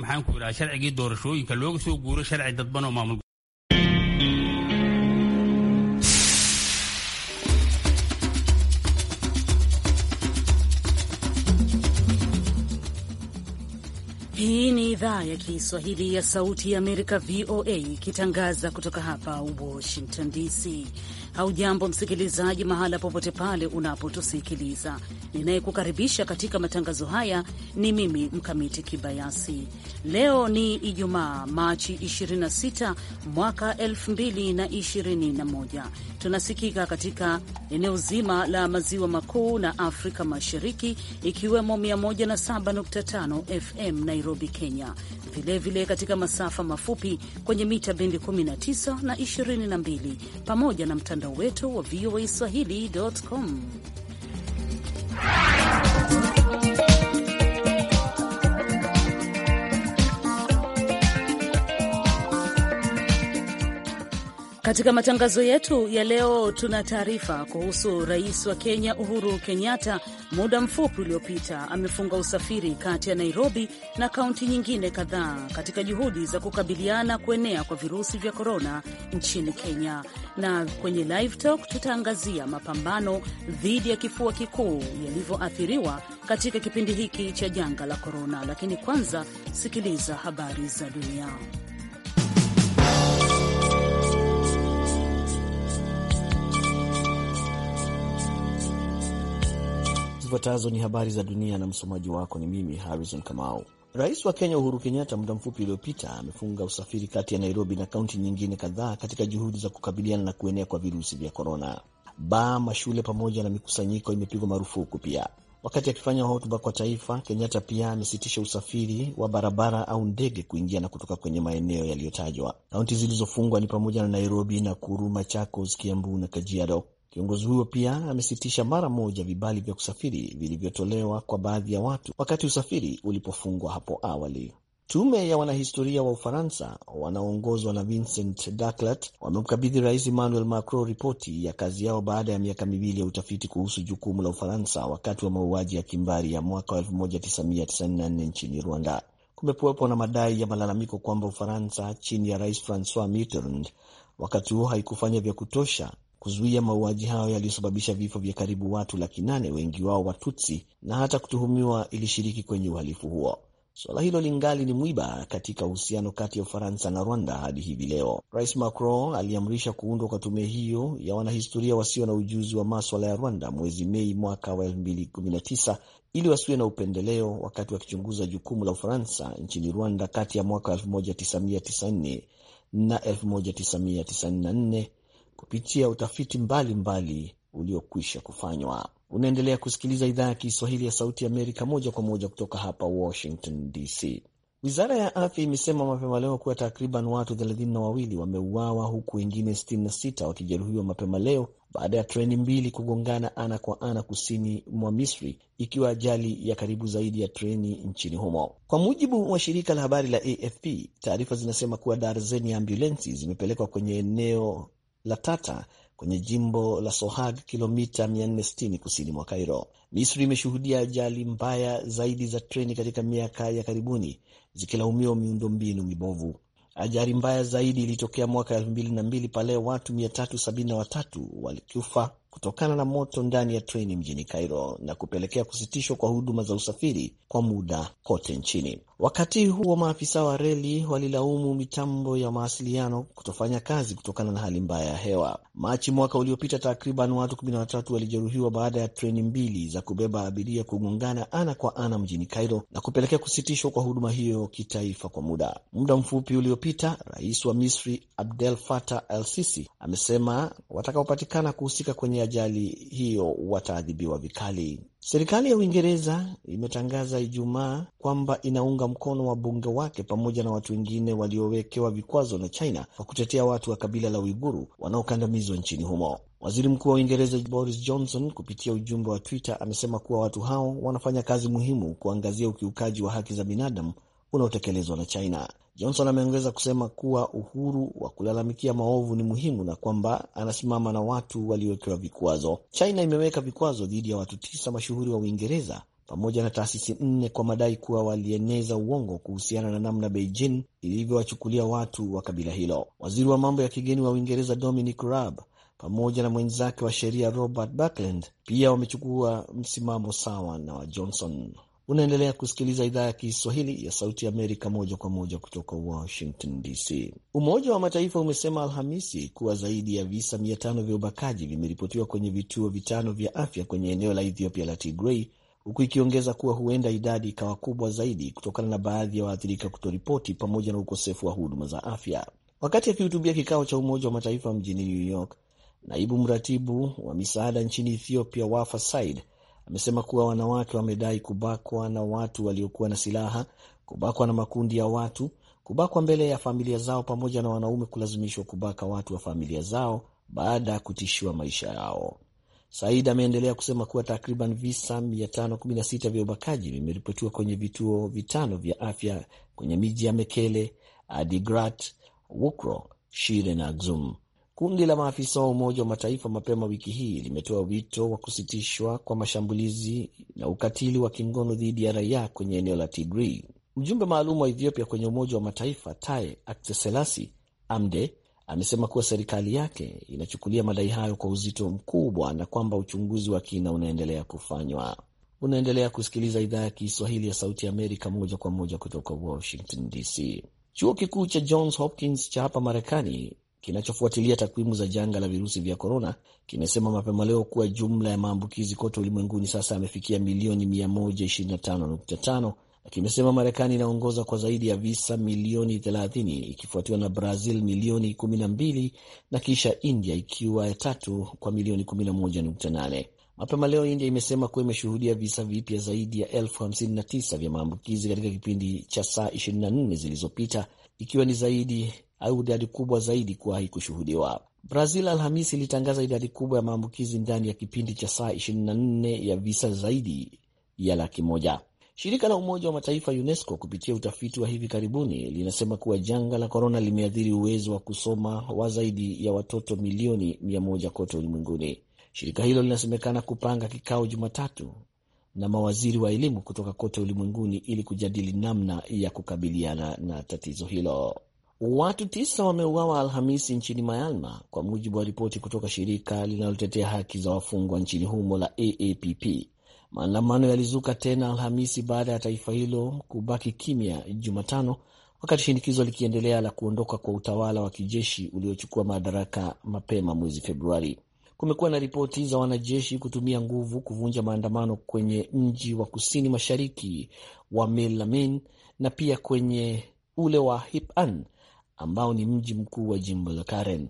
maxaan ku yidhaha sharcigii doorashooyinka looga soo guuro sharci dadban oo maamul Hii ni idhaa ya Kiswahili ya Sauti ya Amerika, VOA, ikitangaza kutoka hapa Washington DC. Haujambo msikilizaji, mahala popote pale unapotusikiliza. Ninayekukaribisha katika matangazo haya ni mimi Mkamiti Kibayasi. Leo ni Ijumaa, Machi 26 mwaka 2021. Tunasikika katika eneo zima la maziwa makuu na Afrika Mashariki, ikiwemo 107.5 FM Nairobi, Kenya, vilevile vile katika masafa mafupi kwenye mita bendi 19 na 22 pamoja na mtandao mtandao wetu wa voaswahili.com. Katika matangazo yetu ya leo tuna taarifa kuhusu rais wa Kenya Uhuru Kenyatta. Muda mfupi uliopita amefunga usafiri kati ya Nairobi na kaunti nyingine kadhaa katika juhudi za kukabiliana kuenea kwa virusi vya korona nchini Kenya. Na kwenye live talk tutaangazia mapambano dhidi ya kifua kikuu yalivyoathiriwa katika kipindi hiki cha janga la korona, lakini kwanza sikiliza habari za dunia. Zifuatazo ni habari za dunia na msomaji wako ni mimi Harrison Kamau. Rais wa Kenya Uhuru Kenyatta muda mfupi uliopita amefunga usafiri kati ya Nairobi na kaunti nyingine kadhaa katika juhudi za kukabiliana na kuenea kwa virusi vya korona. Baa, mashule pamoja na mikusanyiko imepigwa marufuku pia. Wakati akifanya hotuba kwa taifa, Kenyatta pia amesitisha usafiri wa barabara au ndege kuingia na kutoka kwenye maeneo yaliyotajwa. Kaunti zilizofungwa ni pamoja na Nairobi, Nakuru, Machakos, Kiambu na Kajiado, Kiongozi huyo pia amesitisha mara moja vibali vya kusafiri vilivyotolewa kwa baadhi ya watu wakati usafiri ulipofungwa hapo awali. Tume ya wanahistoria wa Ufaransa wanaoongozwa na Vincent Daclat wamemkabidhi Rais Emmanuel Macron ripoti ya kazi yao baada ya miaka miwili ya utafiti kuhusu jukumu la Ufaransa wakati wa mauaji ya kimbari ya mwaka 1994 nchini Rwanda. Kumekuwepo na madai ya malalamiko kwamba Ufaransa chini ya Rais Francois Mitterrand wakati huo haikufanya vya kutosha kuzuia mauaji hayo yaliyosababisha vifo vya karibu watu laki nane, wengi wao Watutsi, na hata kutuhumiwa ilishiriki kwenye uhalifu huo. Suala hilo lingali ni mwiba katika uhusiano kati ya Ufaransa na Rwanda hadi hivi leo. Rais Macron aliamrisha kuundwa kwa tume hiyo ya wanahistoria wasio na ujuzi wa maswala ya Rwanda mwezi Mei mwaka wa 2019 ili wasiwe na upendeleo wakati wakichunguza jukumu la Ufaransa nchini Rwanda kati ya mwaka 1994 na 1994 kupitia utafiti mbalimbali uliokwisha kufanywa. Unaendelea kusikiliza idhaa ya Kiswahili ya Sauti Amerika moja kwa moja kutoka hapa Washington DC. Wizara ya afya imesema mapema leo kuwa takriban watu 3 wawili wameuawa huku wengine 66 wakijeruhiwa mapema leo baada ya treni mbili kugongana ana kwa ana kusini mwa Misri, ikiwa ajali ya karibu zaidi ya treni nchini humo. Kwa mujibu wa shirika la habari la AFP, taarifa zinasema kuwa darzeni ya ambulensi zimepelekwa kwenye eneo Latata kwenye jimbo la Sohag, kilomita 460 kusini mwa Cairo. Misri imeshuhudia ajali mbaya zaidi za treni katika miaka ya karibuni, zikilaumiwa miundombinu mibovu. Ajali mbaya zaidi ilitokea mwaka 2002 pale watu 373 walikufa kutokana na moto ndani ya treni mjini Cairo na kupelekea kusitishwa kwa huduma za usafiri kwa muda kote nchini. Wakati huo, maafisa wa reli walilaumu mitambo ya mawasiliano kutofanya kazi kutokana na hali mbaya ya hewa. Machi mwaka uliopita, takriban watu 13 walijeruhiwa baada ya treni mbili za kubeba abiria kugongana ana kwa ana mjini Cairo na kupelekea kusitishwa kwa huduma hiyo kitaifa kwa muda. Muda mfupi uliopita, rais wa Misri Abdel Fattah El Sisi amesema watakaopatikana kuhusika kwenye ajali hiyo wataadhibiwa vikali. Serikali ya Uingereza imetangaza Ijumaa kwamba inaunga mkono wabunge wake pamoja na watu wengine waliowekewa vikwazo na China kwa kutetea watu wa kabila la Uiguru wanaokandamizwa nchini humo. Waziri Mkuu wa Uingereza Boris Johnson kupitia ujumbe wa Twitter amesema kuwa watu hao wanafanya kazi muhimu kuangazia ukiukaji wa haki za binadamu unaotekelezwa na China. Johnson ameongeza kusema kuwa uhuru wa kulalamikia maovu ni muhimu na kwamba anasimama na watu waliowekewa vikwazo. China imeweka vikwazo dhidi ya watu tisa mashuhuri wa Uingereza pamoja na taasisi nne kwa madai kuwa walieneza uongo kuhusiana na namna Beijing ilivyowachukulia watu wa kabila hilo. Waziri wa mambo ya kigeni wa Uingereza Dominic Raab pamoja na mwenzake wa sheria Robert Buckland pia wamechukua msimamo sawa na wa Johnson. Unaendelea kusikiliza idhaa ya Kiswahili ya Sauti Amerika moja kwa moja kutoka Washington DC. Umoja wa Mataifa umesema Alhamisi kuwa zaidi ya visa m5 vya ubakaji vimeripotiwa kwenye vituo vitano vya afya kwenye eneo la Ethiopia la Tigray, huku ikiongeza kuwa huenda idadi ikawa kubwa zaidi kutokana na baadhi ya waathirika kutoripoti pamoja na ukosefu wa huduma za afya. Wakati akihutubia kikao cha Umoja wa Mataifa mjini New York, naibu mratibu wa misaada nchini Ethiopia Wafa Said amesema kuwa wanawake wamedai kubakwa na watu waliokuwa na silaha, kubakwa na makundi ya watu, kubakwa mbele ya familia zao, pamoja na wanaume kulazimishwa kubaka watu wa familia zao baada ya kutishiwa maisha yao. Said ameendelea kusema kuwa takriban visa 516 vya ubakaji vimeripotiwa kwenye vituo vitano vya afya kwenye miji ya Mekele, Adigrat, Wukro, Shire na Axum. Kundi la maafisa wa Umoja wa Mataifa mapema wiki hii limetoa wito wa kusitishwa kwa mashambulizi na ukatili wa kingono dhidi ya raia kwenye eneo la Tigray. Mjumbe maalum wa Ethiopia kwenye Umoja wa Mataifa tae akteselasi Amde amesema kuwa serikali yake inachukulia madai hayo kwa uzito mkubwa na kwamba uchunguzi wa kina unaendelea kufanywa. Unaendelea kusikiliza idhaa ya Kiswahili ya Sauti Amerika moja kwa moja kutoka Washington DC. Chuo kikuu cha Johns Hopkins cha hapa Marekani kinachofuatilia takwimu za janga la virusi vya korona kimesema mapema leo kuwa jumla ya maambukizi kote ulimwenguni sasa yamefikia milioni 125.5 na kimesema Marekani inaongoza kwa zaidi ya visa milioni 30 ikifuatiwa na Brazil milioni 12 na kisha India ikiwa ya tatu kwa milioni 11.8. Mapema leo India imesema kuwa imeshuhudia visa vipya zaidi ya elfu 59 vya maambukizi katika kipindi cha saa 24 zilizopita ikiwa ni zaidi au idadi kubwa zaidi kuwahi kushuhudiwa. Brazil Alhamisi ilitangaza idadi kubwa ya maambukizi ndani ya kipindi cha saa 24 ya visa zaidi ya laki moja. Shirika la Umoja wa Mataifa UNESCO kupitia utafiti wa hivi karibuni linasema kuwa janga la korona limeathiri uwezo wa kusoma wa zaidi ya watoto milioni 100 kote ulimwenguni. Shirika hilo linasemekana kupanga kikao Jumatatu na mawaziri wa elimu kutoka kote ulimwenguni ili kujadili namna ya kukabiliana na tatizo hilo. Watu tisa wameuawa Alhamisi nchini Myanmar, kwa mujibu wa ripoti kutoka shirika linalotetea haki za wafungwa nchini humo la AAPP. Maandamano yalizuka tena Alhamisi baada ya taifa hilo kubaki kimya Jumatano, wakati shinikizo likiendelea la kuondoka kwa utawala wa kijeshi uliochukua madaraka mapema mwezi Februari. Kumekuwa na ripoti za wanajeshi kutumia nguvu kuvunja maandamano kwenye mji wa kusini mashariki wa Melamin na pia kwenye ule wa Hip An ambao ni mji mkuu wa jimbo la Karen.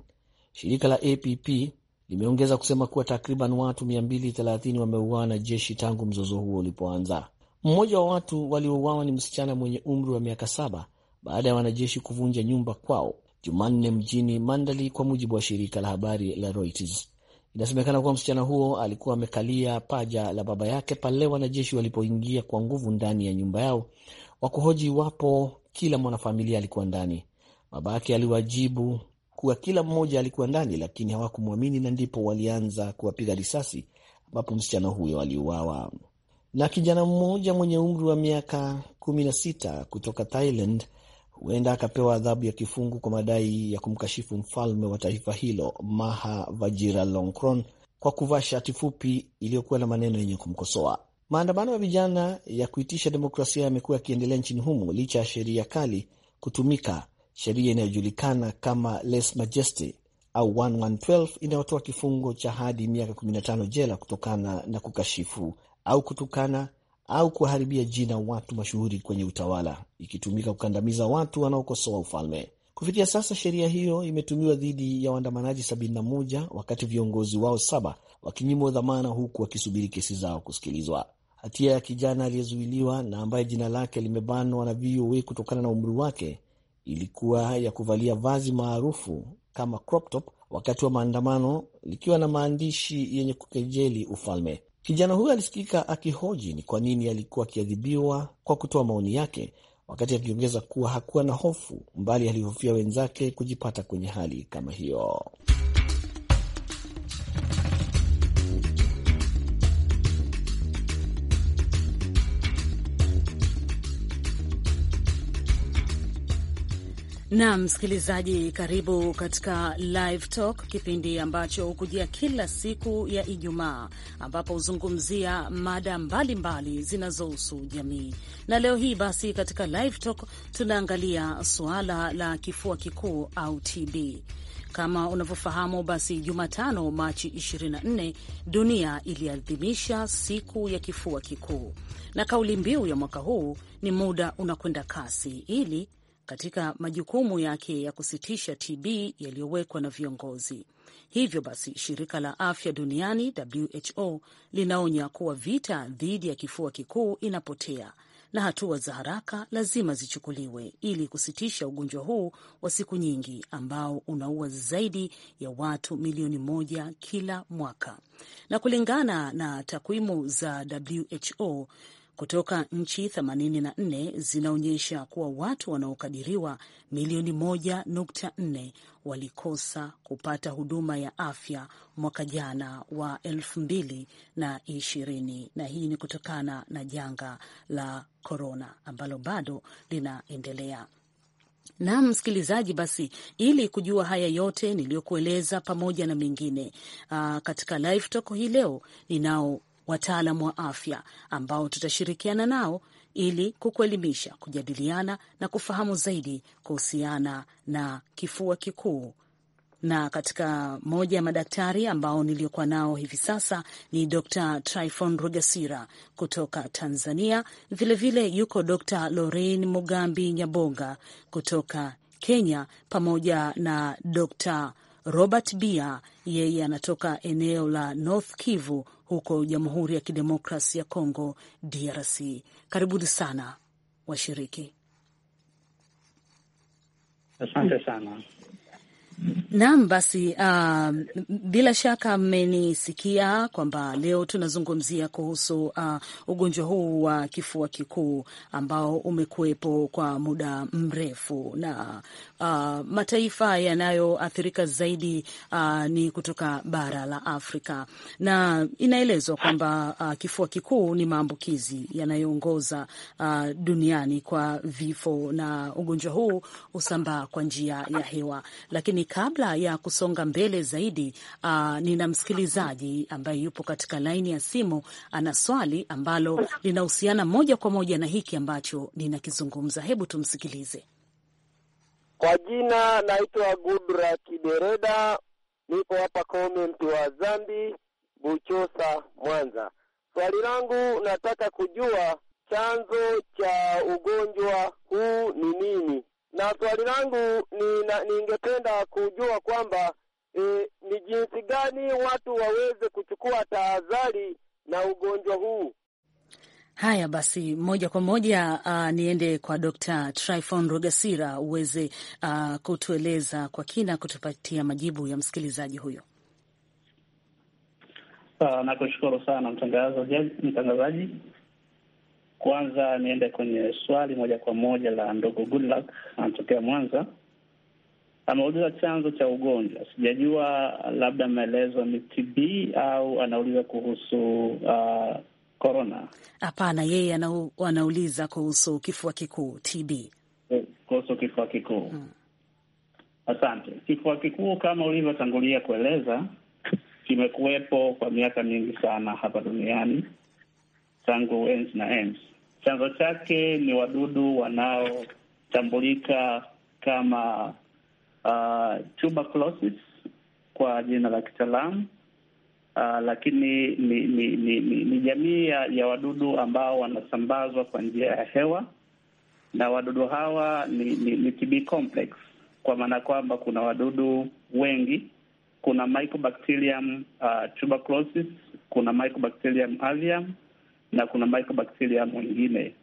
Shirika la APP limeongeza kusema kuwa takriban watu 230 wameuawa na jeshi tangu mzozo huo ulipoanza. Mmoja wa watu waliouawa ni msichana mwenye umri wa miaka saba baada ya wanajeshi kuvunja nyumba kwao Jumanne mjini Mandali, kwa mujibu wa shirika la habari la Reuters. Inasemekana kuwa msichana huo alikuwa amekalia paja la baba yake pale wanajeshi walipoingia kwa nguvu ndani ya nyumba yao, wakuhoji iwapo kila mwanafamilia alikuwa ndani. Mabaki aliwajibu kuwa kila mmoja alikuwa ndani, lakini hawakumwamini na ndipo walianza kuwapiga risasi, ambapo msichana huyo aliuawa. Na kijana mmoja mwenye umri wa miaka 16 kutoka Thailand huenda akapewa adhabu ya kifungo kwa madai ya kumkashifu mfalme wa taifa hilo Maha Vajiralongkorn kwa kuvaa shati fupi iliyokuwa na maneno yenye kumkosoa. Maandamano ya vijana ya kuitisha demokrasia yamekuwa yakiendelea nchini humo licha ya sheria kali kutumika sheria inayojulikana kama les majeste au 1112 inayotoa kifungo cha hadi miaka 15 jela kutokana na kukashifu au kutukana au kuwaharibia jina watu mashuhuri kwenye utawala, ikitumika kukandamiza watu wanaokosoa ufalme. Kufikia sasa sheria hiyo imetumiwa dhidi ya waandamanaji 71 wakati viongozi wao saba wakinyimwa dhamana huku wakisubiri kesi zao kusikilizwa. Hatia ya kijana aliyezuiliwa na ambaye jina lake limebanwa na VOA kutokana na umri wake ilikuwa ya kuvalia vazi maarufu kama crop top wakati wa maandamano likiwa na maandishi yenye kukejeli ufalme. Kijana huyo alisikika akihoji ni kwa nini alikuwa akiadhibiwa kwa kutoa maoni yake, wakati akiongeza kuwa hakuwa na hofu, mbali alihofia wenzake kujipata kwenye hali kama hiyo. Na msikilizaji, karibu katika Live Talk, kipindi ambacho hukujia kila siku ya Ijumaa, ambapo huzungumzia mada mbalimbali zinazohusu jamii. Na leo hii basi, katika Live Talk tunaangalia suala la kifua kikuu au TB. Kama unavyofahamu basi, Jumatano Machi 24 dunia iliadhimisha siku ya kifua kikuu, na kauli mbiu ya mwaka huu ni muda unakwenda kasi, ili katika majukumu yake ya kusitisha TB yaliyowekwa na viongozi. Hivyo basi, shirika la afya duniani WHO linaonya kuwa vita dhidi ya kifua kikuu inapotea na hatua za haraka lazima zichukuliwe ili kusitisha ugonjwa huu wa siku nyingi ambao unaua zaidi ya watu milioni moja kila mwaka. Na kulingana na takwimu za WHO, kutoka nchi 84 zinaonyesha kuwa watu wanaokadiriwa milioni 1.4 walikosa kupata huduma ya afya mwaka jana wa 2020, na hii ni kutokana na janga la korona ambalo bado linaendelea. Na msikilizaji, basi ili kujua haya yote niliyokueleza pamoja na mengine, katika live talk hii leo ninao wataalam wa afya ambao tutashirikiana nao ili kukuelimisha, kujadiliana na kufahamu zaidi kuhusiana na kifua kikuu. Na katika moja ya madaktari ambao niliokuwa nao hivi sasa ni Dr. Tryphon Rugasira kutoka Tanzania, vilevile vile yuko Dr. Lorraine Mugambi Nyabonga kutoka Kenya, pamoja na Dr. Robert Bia, yeye anatoka eneo la North Kivu huko Jamhuri ya Kidemokrasi ya Congo, DRC. Karibuni sana washiriki. Asante sana. Naam, basi uh, bila shaka mmenisikia kwamba leo tunazungumzia kuhusu uh, ugonjwa huu wa kifua kikuu ambao umekuwepo kwa muda mrefu na uh, mataifa yanayoathirika zaidi uh, ni kutoka bara la Afrika, na inaelezwa kwamba uh, kifua kikuu ni maambukizi yanayoongoza uh, duniani kwa vifo, na ugonjwa huu husambaa kwa njia ya hewa, lakini kabla ya kusonga mbele zaidi, uh, nina msikilizaji ambaye yupo katika laini ya simu, ana swali ambalo linahusiana moja kwa moja na hiki ambacho ninakizungumza. Hebu tumsikilize. Kwa jina naitwa Gudra Kidereda, niko hapa komenti wa Zambi Buchosa, Mwanza. Swali langu nataka kujua chanzo cha ugonjwa huu ni nini? na swali langu ningependa ni kujua kwamba e, ni jinsi gani watu waweze kuchukua tahadhari na ugonjwa huu. Haya basi, moja kwa moja uh, niende kwa Dr. Tryphon Rogasira uweze uh, kutueleza kwa kina, kutupatia majibu ya msikilizaji huyo. Uh, nakushukuru sana mtangazaji. Kwanza niende kwenye swali moja kwa moja la ndogo Goodluck, anatokea Mwanza. Ameuliza chanzo cha ugonjwa. Sijajua, labda maelezo ni TB au anauliza kuhusu uh, corona? Hapana, yeye anauliza kuhusu kifua kikuu TB, kuhusu kifua kikuu hmm. Asante. Kifua kikuu kama ulivyotangulia kueleza kimekuwepo kwa miaka mingi sana hapa duniani tangu enzi na enzi Chanzo chake ni wadudu wanaotambulika kama uh, tuberculosis kwa jina la kitaalamu uh, lakini ni, ni, ni, ni, ni jamii ya, ya wadudu ambao wanasambazwa kwa njia ya hewa, na wadudu hawa ni, ni, ni TB complex kwa maana kwamba kuna wadudu wengi. Kuna Mycobacterium uh, tuberculosis, kuna Mycobacterium avium na kuna mycobacteria mwingine.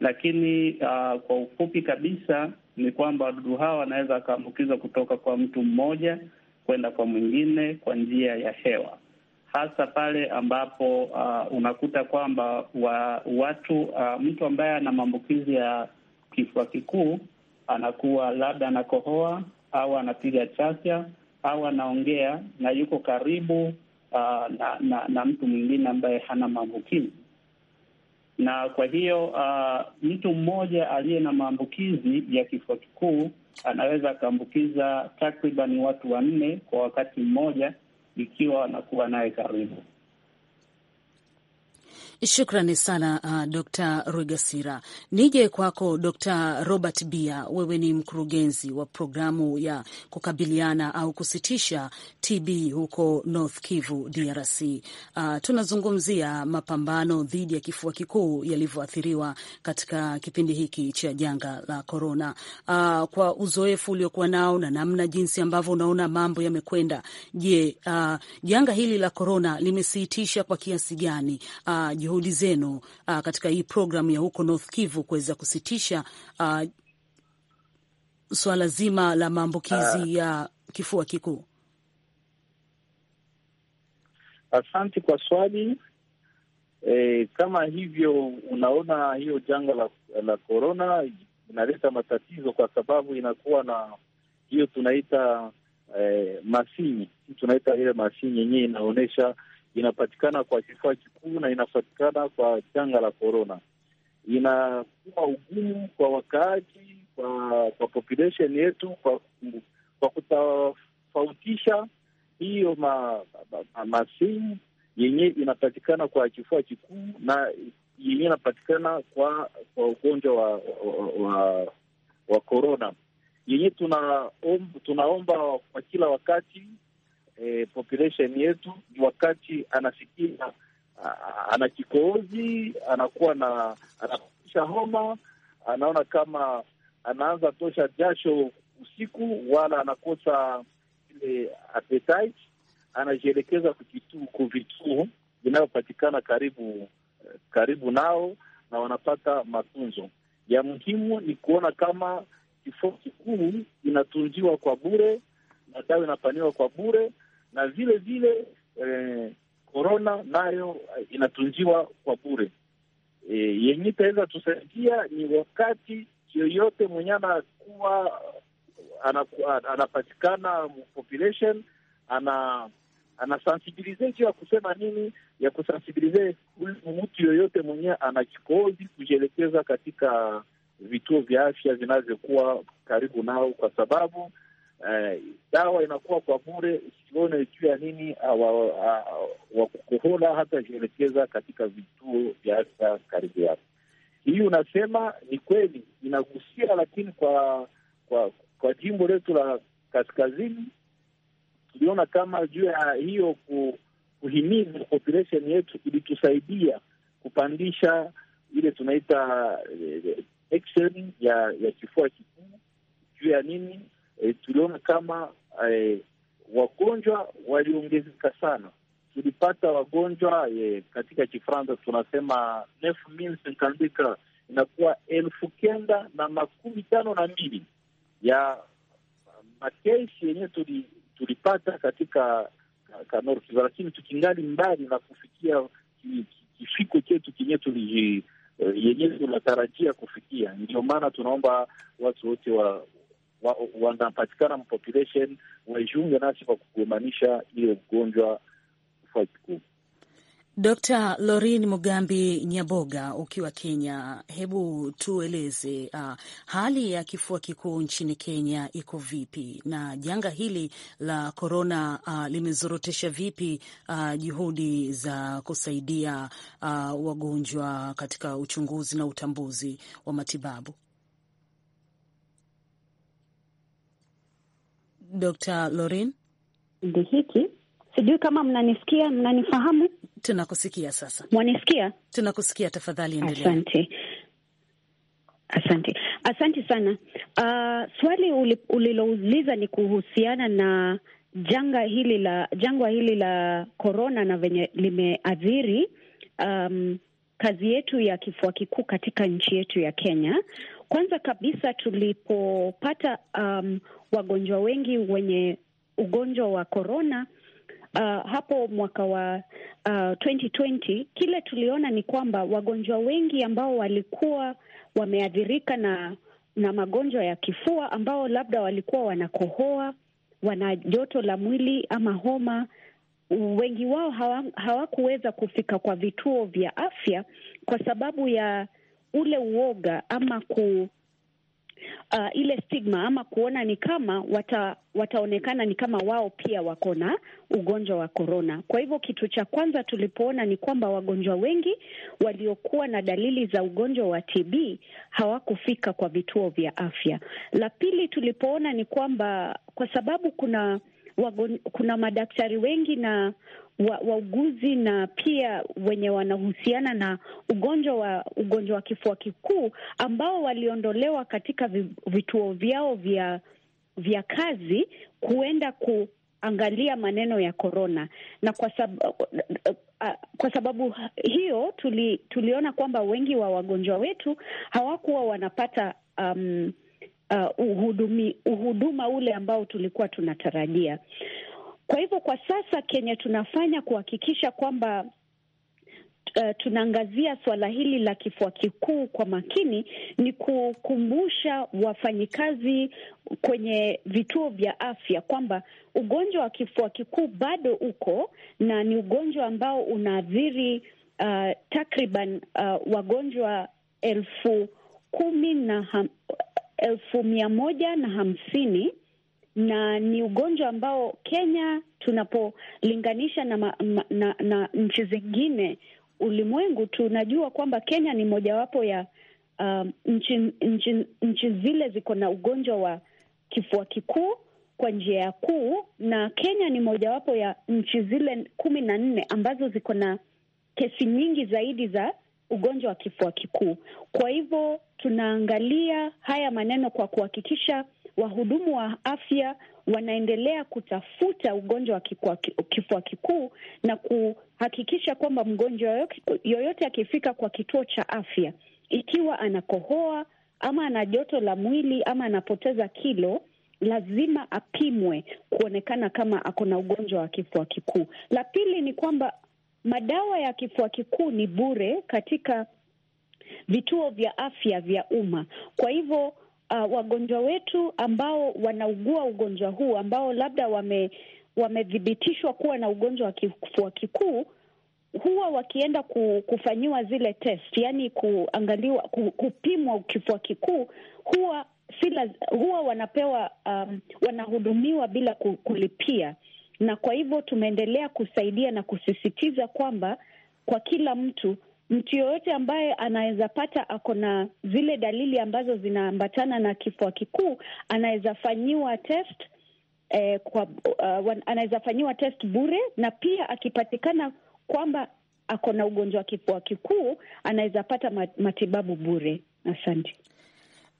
Lakini uh, kwa ufupi kabisa ni kwamba wadudu hawa wanaweza wakaambukiza kutoka kwa mtu mmoja kwenda kwa mwingine kwa njia ya hewa, hasa pale ambapo uh, unakuta kwamba wa, watu uh, mtu ambaye ana maambukizi ya kifua kikuu anakuwa labda anakohoa au anapiga chafya au anaongea na yuko karibu uh, na, na, na mtu mwingine ambaye hana maambukizi na kwa hiyo uh, mtu mmoja aliye na maambukizi ya kifua kikuu anaweza akaambukiza takriban watu wanne kwa wakati mmoja ikiwa wanakuwa naye karibu. Shukrani sana uh, Dr Rugasira. Nije kwako Dr Robert Bia, wewe ni mkurugenzi wa programu ya kukabiliana au kusitisha TB huko North Kivu, DRC. Uh, tunazungumzia mapambano dhidi ya kifua kikuu yalivyoathiriwa katika kipindi hiki cha janga la korona. Uh, kwa uzoefu uliokuwa nao na namna jinsi ambavyo unaona mambo yamekwenda, je, uh, janga hili la korona limesiitisha kwa kiasi gani uh, juhudi zenu uh, katika hii programu ya huko North Kivu kuweza kusitisha uh, swala zima la maambukizi uh, ya kifua kikuu? Asante kwa swali. E, kama hivyo unaona, hiyo janga la, la korona inaleta matatizo kwa sababu inakuwa na hiyo tunaita eh, masini tunaita ile masini yenyewe inaonyesha inapatikana kwa kifua kikuu na inapatikana kwa janga la korona. Inakuwa ugumu kwa wakaaji, kwa, kwa population yetu, kwa, kwa kutofautisha hiyo ma, ma, ma, masimu yenye inapatikana kwa kifua kikuu na yenye inapatikana kwa kwa ugonjwa wa wa wa korona, yenye tunaomba tuna kwa kila wakati eh, population yetu, wakati anasikia ana kikohozi anakuwa na anapisha homa, anaona kama anaanza tosha jasho usiku, wala anakosa ile appetite, anajielekeza kwa vituo vinayopatikana karibu karibu nao na wanapata matunzo ya muhimu. Ni kuona kama kifua kikuu inatunziwa kwa bure na dawa inapaniwa kwa bure, na vile vile korona eh, nayo eh, inatunjiwa kwa bure. Eh, yenye itaweza tusaidia ni wakati yoyote mwenye anakuwa anapatikana population ana anasensibilize juu ya kusema nini, ya kusensibilize mtu yoyote mwenyewe ana kikozi kujielekeza katika vituo vya afya vinavyokuwa karibu nao, kwa sababu Eh, dawa inakuwa kwa bure, usione juu ya nini wakukohola hata jielekeza katika vituo vya afya karibu yako. Hii unasema ni kweli inagusia, lakini kwa kwa kwa jimbo letu la kaskazini tuliona kama juu ya hiyo kuhimiza population yetu ilitusaidia kupandisha ile tunaita eh, eh ya ya kifua kikuu juu ya nini e, tuliona kama e, wagonjwa waliongezeka sana. Tulipata wagonjwa e, katika Kifaransa tunasema inakuwa elfu kenda na makumi tano na mbili ya makesi yenyewe tuli, tulipata katika ka lakini tukingali mbali na kufikia kifiko chetu kenye tuli e, yenyewe tunatarajia kufikia. Ndio maana tunaomba watu wote wa wanapatikana population waijunge nasi kwa kugomanisha hiyo ugonjwa fight kuu. Dr. Lorin Mugambi Nyaboga ukiwa Kenya, hebu tueleze uh, hali ya kifua kikuu nchini Kenya iko vipi na janga hili la korona uh, limezorotesha vipi uh, juhudi za kusaidia uh, wagonjwa katika uchunguzi na utambuzi wa matibabu? Dr. Lorin Dihiki, sijui kama mnanisikia, mnanifahamu? Tunakusikia sasa. Mwanisikia? Tunakusikia, tafadhali endelea. Asante. Asante, asante sana. Uh, swali ulilouliza ni kuhusiana na janga hili la jangwa hili la korona na venye limeathiri um, kazi yetu ya kifua kikuu katika nchi yetu ya Kenya. Kwanza kabisa tulipopata um, wagonjwa wengi wenye ugonjwa wa korona uh, hapo mwaka wa uh, 2020 kile tuliona ni kwamba wagonjwa wengi ambao walikuwa wameathirika na na magonjwa ya kifua ambao labda walikuwa wanakohoa, wana joto la mwili ama homa, wengi wao hawakuweza hawa kufika kwa vituo vya afya kwa sababu ya ule uoga ama ku Uh, ile stigma ama kuona ni kama wata, wataonekana ni kama wao pia wako na ugonjwa wa korona. Kwa hivyo kitu cha kwanza tulipoona ni kwamba wagonjwa wengi waliokuwa na dalili za ugonjwa wa TB hawakufika kwa vituo vya afya. La pili tulipoona ni kwamba kwa sababu kuna wagon, kuna madaktari wengi na wauguzi wa na pia wenye wanahusiana na ugonjwa wa ugonjwa wa kifua kikuu ambao waliondolewa katika vituo vyao vya vya kazi kuenda kuangalia maneno ya korona, na kwa sababu, kwa sababu hiyo tuli, tuliona kwamba wengi wa wagonjwa wetu hawakuwa wanapata um, uh, uhudumi, uhuduma ule ambao tulikuwa tunatarajia. Kwa hivyo kwa sasa Kenya tunafanya kuhakikisha kwamba Uh, tunaangazia suala hili la kifua kikuu kwa makini, ni kukumbusha wafanyikazi kwenye vituo vya afya kwamba ugonjwa wa kifua kikuu bado uko na ni ugonjwa ambao unaathiri uh, takriban uh, wagonjwa elfu kumi na elfu mia moja na hamsini na ni ugonjwa ambao Kenya tunapolinganisha na, na, na nchi zingine ulimwengu, tunajua kwamba Kenya ni mojawapo ya uh, nchi, nchi, nchi zile ziko na ugonjwa wa kifua kikuu kwa njia ya kuu, na Kenya ni mojawapo ya nchi zile kumi na nne ambazo ziko na kesi nyingi zaidi za ugonjwa wa kifua kikuu. Kwa hivyo tunaangalia haya maneno kwa kuhakikisha wahudumu wa afya wanaendelea kutafuta ugonjwa wa kifua kikuu na kuhakikisha kwamba mgonjwa yoyote akifika kwa kituo cha afya, ikiwa anakohoa ama ana joto la mwili ama anapoteza kilo, lazima apimwe kuonekana kama ako na ugonjwa wa kifua kikuu. La pili ni kwamba Madawa ya kifua kikuu ni bure katika vituo vya afya vya umma. Kwa hivyo uh, wagonjwa wetu ambao wanaugua ugonjwa huu ambao labda wame wamethibitishwa kuwa na ugonjwa wa kifua kikuu huwa wakienda kufanyiwa zile test, yani kuangaliwa, kupimwa kifua kikuu, huwa sila, huwa wanapewa um, wanahudumiwa bila kulipia na kwa hivyo tumeendelea kusaidia na kusisitiza kwamba kwa kila mtu mtu yoyote ambaye anaweza pata ako na zile dalili ambazo zinaambatana na kifua kikuu anaweza fanyiwa test eh, kwa uh, anaweza fanyiwa test bure, na pia akipatikana kwamba ako na ugonjwa wa kifua kikuu anaweza pata matibabu bure. Asante.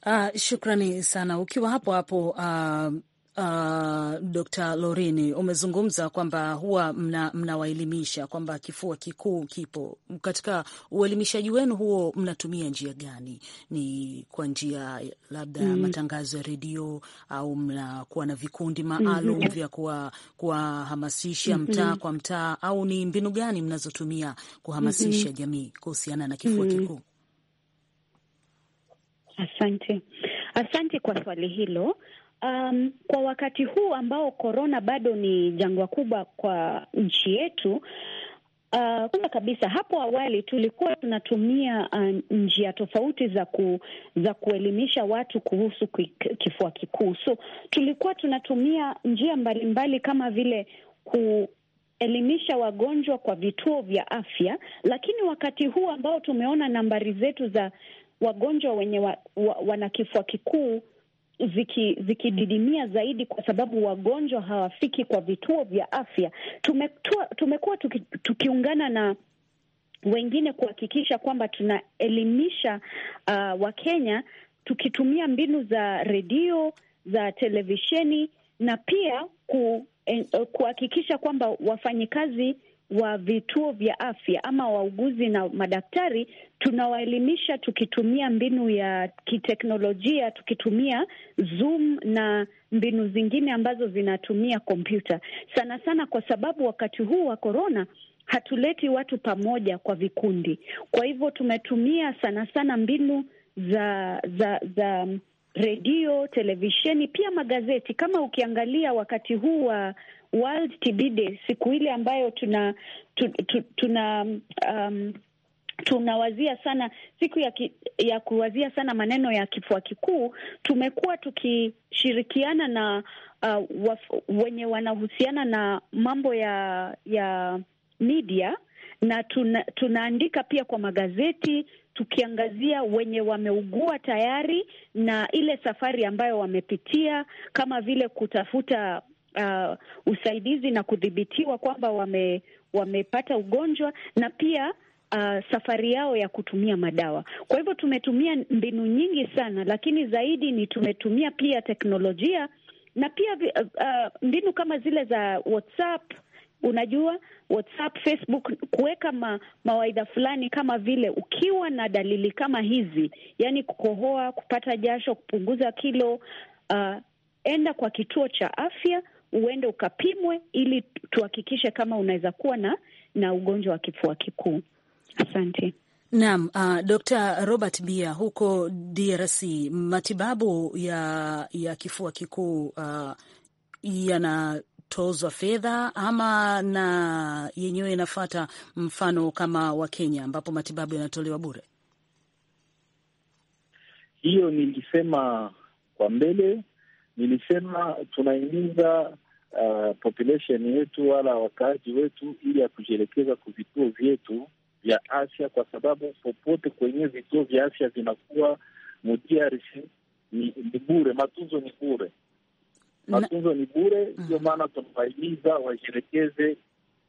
Uh, shukrani sana. Ukiwa hapo hapo uh, Uh, Dr. Lorini, umezungumza kwamba huwa mnawaelimisha mna kwamba kifua kikuu kipo. Katika uelimishaji wenu huo mnatumia njia gani? Ni kwa njia labda mm. matangazo ya redio au mnakuwa na vikundi mhm. maalum mm -hmm. vya kuwahamasisha mm -hmm. mtaa kwa mtaa, au ni mbinu gani mnazotumia kuhamasisha mm -hmm. jamii kuhusiana na kifua mm -hmm. kikuu? Asante, asante kwa swali hilo. Um, kwa wakati huu ambao korona bado ni jangwa kubwa kwa nchi yetu. Uh, kwanza kabisa hapo awali tulikuwa tunatumia uh, njia tofauti za ku, za kuelimisha watu kuhusu kifua kikuu. So tulikuwa tunatumia njia mbalimbali mbali kama vile kuelimisha wagonjwa kwa vituo vya afya, lakini wakati huu ambao tumeona nambari zetu za wagonjwa wenye wa, wa, wana kifua kikuu zikididimia ziki mm. zaidi, kwa sababu wagonjwa hawafiki kwa vituo vya afya. tumekuwa tuki, tukiungana na wengine kuhakikisha kwamba tunaelimisha uh, Wakenya tukitumia mbinu za redio za televisheni na pia eh, kuhakikisha kwamba wafanyikazi wa vituo vya afya ama wauguzi na madaktari tunawaelimisha tukitumia mbinu ya kiteknolojia, tukitumia Zoom na mbinu zingine ambazo zinatumia kompyuta sana sana, kwa sababu wakati huu wa korona hatuleti watu pamoja kwa vikundi. Kwa hivyo tumetumia sana sana mbinu za za za redio, televisheni, pia magazeti. Kama ukiangalia wakati huu wa World TB Day, siku ile ambayo tuna tu, tu, tuna um, tunawazia sana siku ya, ki, ya kuwazia sana maneno ya kifua kikuu. Tumekuwa tukishirikiana na uh, waf, wenye wanahusiana na mambo ya ya media na tuna, tunaandika pia kwa magazeti tukiangazia wenye wameugua tayari na ile safari ambayo wamepitia, kama vile kutafuta uh, usaidizi na kudhibitiwa kwamba wame, wamepata ugonjwa na pia Uh, safari yao ya kutumia madawa. Kwa hivyo tumetumia mbinu nyingi sana, lakini zaidi ni tumetumia pia teknolojia na pia uh, uh, mbinu kama zile za WhatsApp, unajua WhatsApp, Facebook, kuweka ma, mawaidha fulani kama vile ukiwa na dalili kama hizi, yani kukohoa, kupata jasho, kupunguza kilo, uh, enda kwa kituo cha afya uende ukapimwe ili tuhakikishe kama unaweza kuwa na na ugonjwa wa kifua kikuu. Asante. Naam, uh, Dr. Robert Bia huko DRC, matibabu ya ya kifua kikuu uh, yanatozwa fedha ama na yenyewe inafata mfano kama wa Kenya ambapo matibabu yanatolewa bure? Hiyo nilisema kwa mbele nilisema tunaingiza uh, population yetu wala wakaaji wetu ili ya kujielekeza kwa vituo vyetu vya afya, kwa sababu popote kwenye vituo vya afya vinakuwa mudiarisi ni, ni bure, matunzo ni bure, matunzo ni bure. Mm. Ndio maana tunawahimiza wajielekeze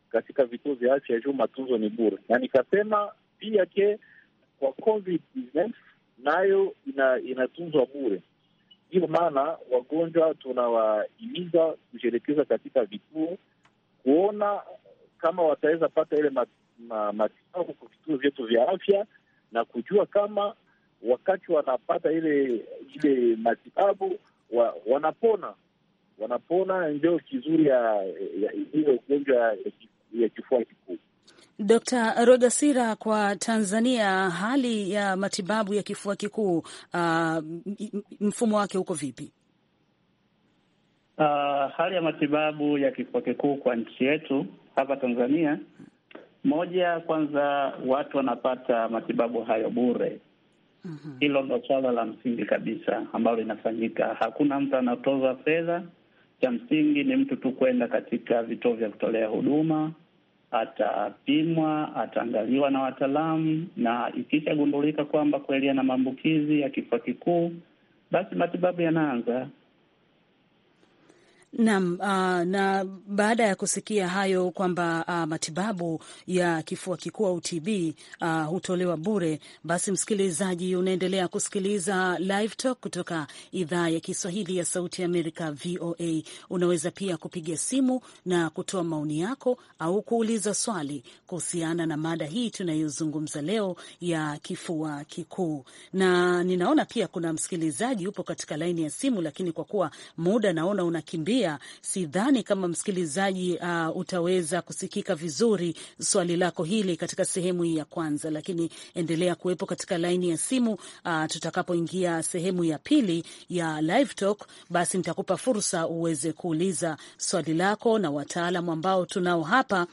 katika vituo vya afya juu matunzo ni bure, na nikasema pia ke kwa covid nayo inatunzwa ina bure Ndiyo maana wagonjwa tunawahimiza kujielekeza katika vituo kuona kama wataweza pata ile matibabu kwa vituo vyetu vya afya na kujua kama wakati wanapata ile ile matibabu wa, wanapona wanapona. Ndio kizuri ya ile ugonjwa ya, ya, ya kifua kikuu. Dr. Rogasira, kwa Tanzania hali ya matibabu ya kifua kikuu uh, mfumo wake uko vipi? Uh, hali ya matibabu ya kifua kikuu kwa nchi yetu hapa Tanzania, moja kwanza, watu wanapata matibabu hayo bure. Mm-hmm. Hilo uh -huh. ndo swala la msingi kabisa ambalo linafanyika. Hakuna mtu anatoza fedha. Cha msingi ni mtu tu kwenda katika vituo vya kutolea huduma atapimwa, ataangaliwa na wataalamu, na ikishagundulika kwamba kweli ana maambukizi ya kifua kikuu, basi matibabu yanaanza. Naam, uh, na baada ya kusikia hayo kwamba uh, matibabu ya kifua kikuu au TB uh, ah, hutolewa bure, basi msikilizaji, unaendelea kusikiliza Live Talk kutoka idhaa ya Kiswahili ya Sauti ya Amerika, VOA. Unaweza pia kupiga simu na kutoa maoni yako au kuuliza swali kuhusiana na mada hii tunayozungumza leo ya kifua kikuu, na ninaona pia kuna msikilizaji yupo katika laini ya simu, lakini kwa kuwa muda naona unakimbia pia sidhani kama msikilizaji uh, utaweza kusikika vizuri swali lako hili katika sehemu hii ya kwanza, lakini endelea kuwepo katika laini ya simu. Uh, tutakapoingia sehemu ya pili ya live talk, basi nitakupa fursa uweze kuuliza swali lako na wataalamu ambao tunao hapa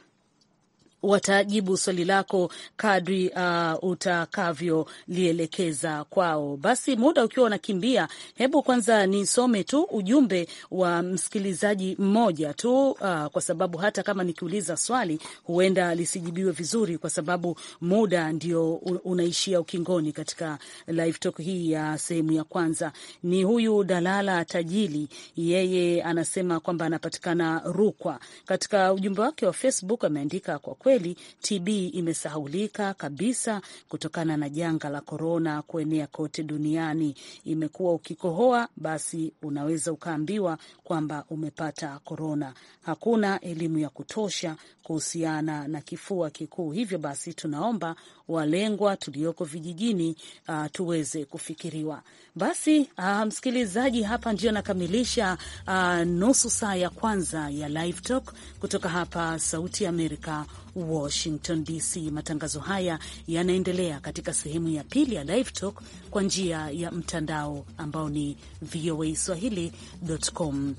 watajibu swali lako kadri uh, utakavyolielekeza kwao. Basi muda ukiwa unakimbia, hebu kwanza nisome tu ujumbe wa msikilizaji mmoja tu uh, kwa sababu hata kama nikiuliza swali huenda lisijibiwe vizuri, kwa sababu muda ndio unaishia ukingoni katika live talk hii ya sehemu ya kwanza. Ni huyu Dalala Tajili, yeye anasema kwamba anapatikana Rukwa. Katika ujumbe wake wa Facebook ameandika kwa kweli TB imesahaulika kabisa kutokana na janga la korona kuenea kote duniani. Imekuwa ukikohoa, basi unaweza ukaambiwa kwamba umepata korona. Hakuna elimu ya kutosha kuhusiana na kifua kikuu. Hivyo basi, tunaomba walengwa tulioko vijijini uh, tuweze kufikiriwa. Basi uh, msikilizaji, hapa ndio nakamilisha uh, nusu saa ya kwanza ya Live Talk kutoka hapa Sauti ya Amerika, Washington DC. Matangazo haya yanaendelea katika sehemu ya pili ya Live Talk kwa njia ya mtandao ambao ni voa swahilicom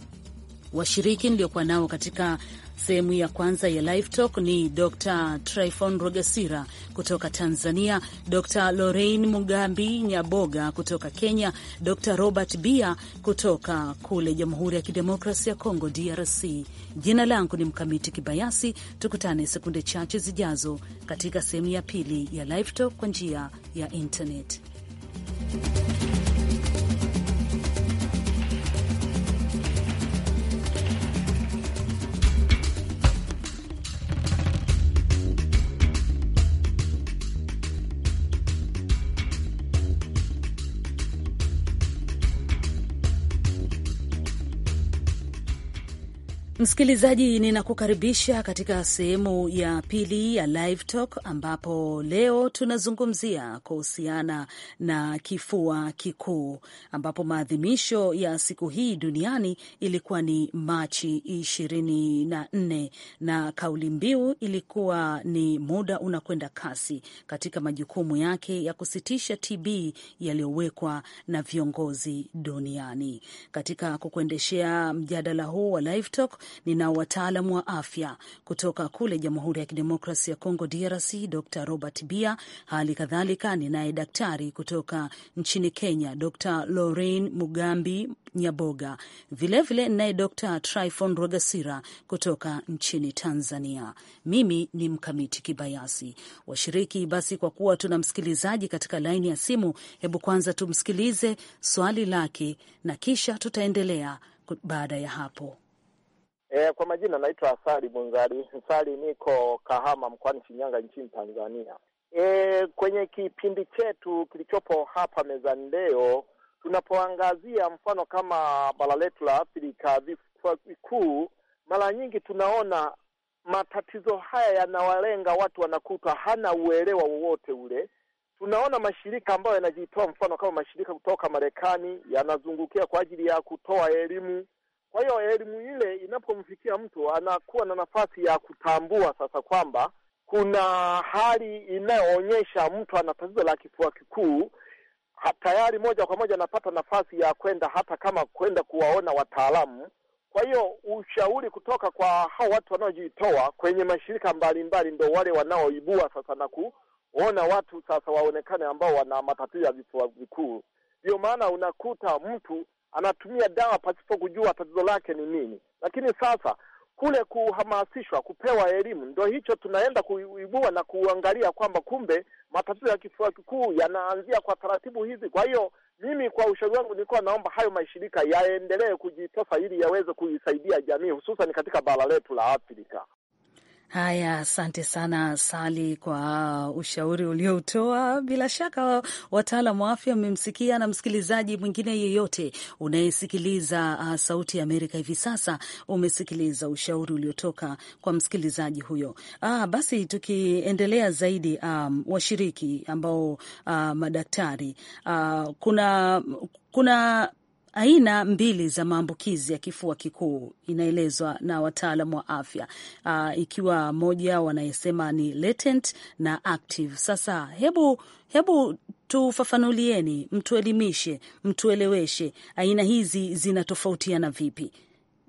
Washiriki niliokuwa nao katika sehemu ya kwanza ya Live Talk ni Dr Tryfon Rogasira kutoka Tanzania, Dr Lorraine Mugambi Nyaboga kutoka Kenya, Dr Robert Bia kutoka kule Jamhuri ya Kidemokrasi ya congo DRC. Jina langu ni Mkamiti Kibayasi. Tukutane sekunde chache zijazo katika sehemu ya pili ya Live Talk kwa njia ya internet. Msikilizaji, ninakukaribisha katika sehemu ya pili ya Live Talk ambapo leo tunazungumzia kuhusiana na kifua kikuu, ambapo maadhimisho ya siku hii duniani ilikuwa ni Machi ishirini na nne na kauli mbiu ilikuwa ni muda unakwenda kasi katika majukumu yake ya kusitisha TB yaliyowekwa na viongozi duniani. Katika kukuendeshea mjadala huu wa Live Talk nina wataalam wa afya kutoka kule Jamhuri ya Kidemokrasi ya Kongo, DRC, Dr Robert Bia. Hali kadhalika ninaye daktari kutoka nchini Kenya, Dr Lorin Mugambi Nyaboga, vilevile ninaye Dr Tryphon Rogasira kutoka nchini Tanzania. Mimi ni Mkamiti Kibayasi. Washiriki, basi kwa kuwa tuna msikilizaji katika laini ya simu, hebu kwanza tumsikilize swali lake na kisha tutaendelea baada ya hapo. E, kwa majina naitwa Asali Bunzari Nsali, niko Kahama mkoani Shinyanga nchini Tanzania. E, kwenye kipindi chetu kilichopo hapa mezani leo tunapoangazia mfano kama bara letu la Afrika vikuu, mara nyingi tunaona matatizo haya yanawalenga watu wanakutwa hana uelewa wowote ule. Tunaona mashirika ambayo yanajitoa mfano kama mashirika kutoka Marekani yanazungukia kwa ajili ya kutoa elimu kwa hiyo elimu ile inapomfikia mtu anakuwa na nafasi ya kutambua sasa kwamba kuna hali inayoonyesha mtu ana tatizo la kifua kikuu. Tayari moja kwa moja anapata nafasi ya kwenda hata kama kwenda kuwaona wataalamu. Kwa hiyo ushauri kutoka kwa hao watu wanaojitoa kwenye mashirika mbalimbali ndo wale wanaoibua sasa na kuona watu sasa waonekane ambao wana matatizo ya vifua vikuu. Ndio maana unakuta mtu anatumia dawa pasipo kujua tatizo lake ni nini. Lakini sasa kule kuhamasishwa, kupewa elimu, ndo hicho tunaenda kuibua na kuangalia kwamba kumbe matatizo ya kifua kikuu yanaanzia kwa taratibu hizi. Kwa hiyo mimi kwa ushauri wangu nilikuwa naomba hayo mashirika yaendelee kujitosa ili yaweze kuisaidia jamii, hususan katika bara letu la Afrika. Haya, asante sana Sali kwa ushauri ulioutoa. Bila shaka wataalam wa afya mmemsikia, na msikilizaji mwingine yeyote unayesikiliza uh, Sauti ya Amerika hivi sasa umesikiliza ushauri uliotoka kwa msikilizaji huyo. Ah, basi tukiendelea zaidi, um, washiriki ambao uh, madaktari uh, kuna kuna aina mbili za maambukizi ya kifua kikuu inaelezwa na wataalam wa afya uh, ikiwa moja wanayesema ni latent na active. Sasa hebu hebu tufafanulieni, mtuelimishe, mtueleweshe aina hizi zinatofautiana vipi?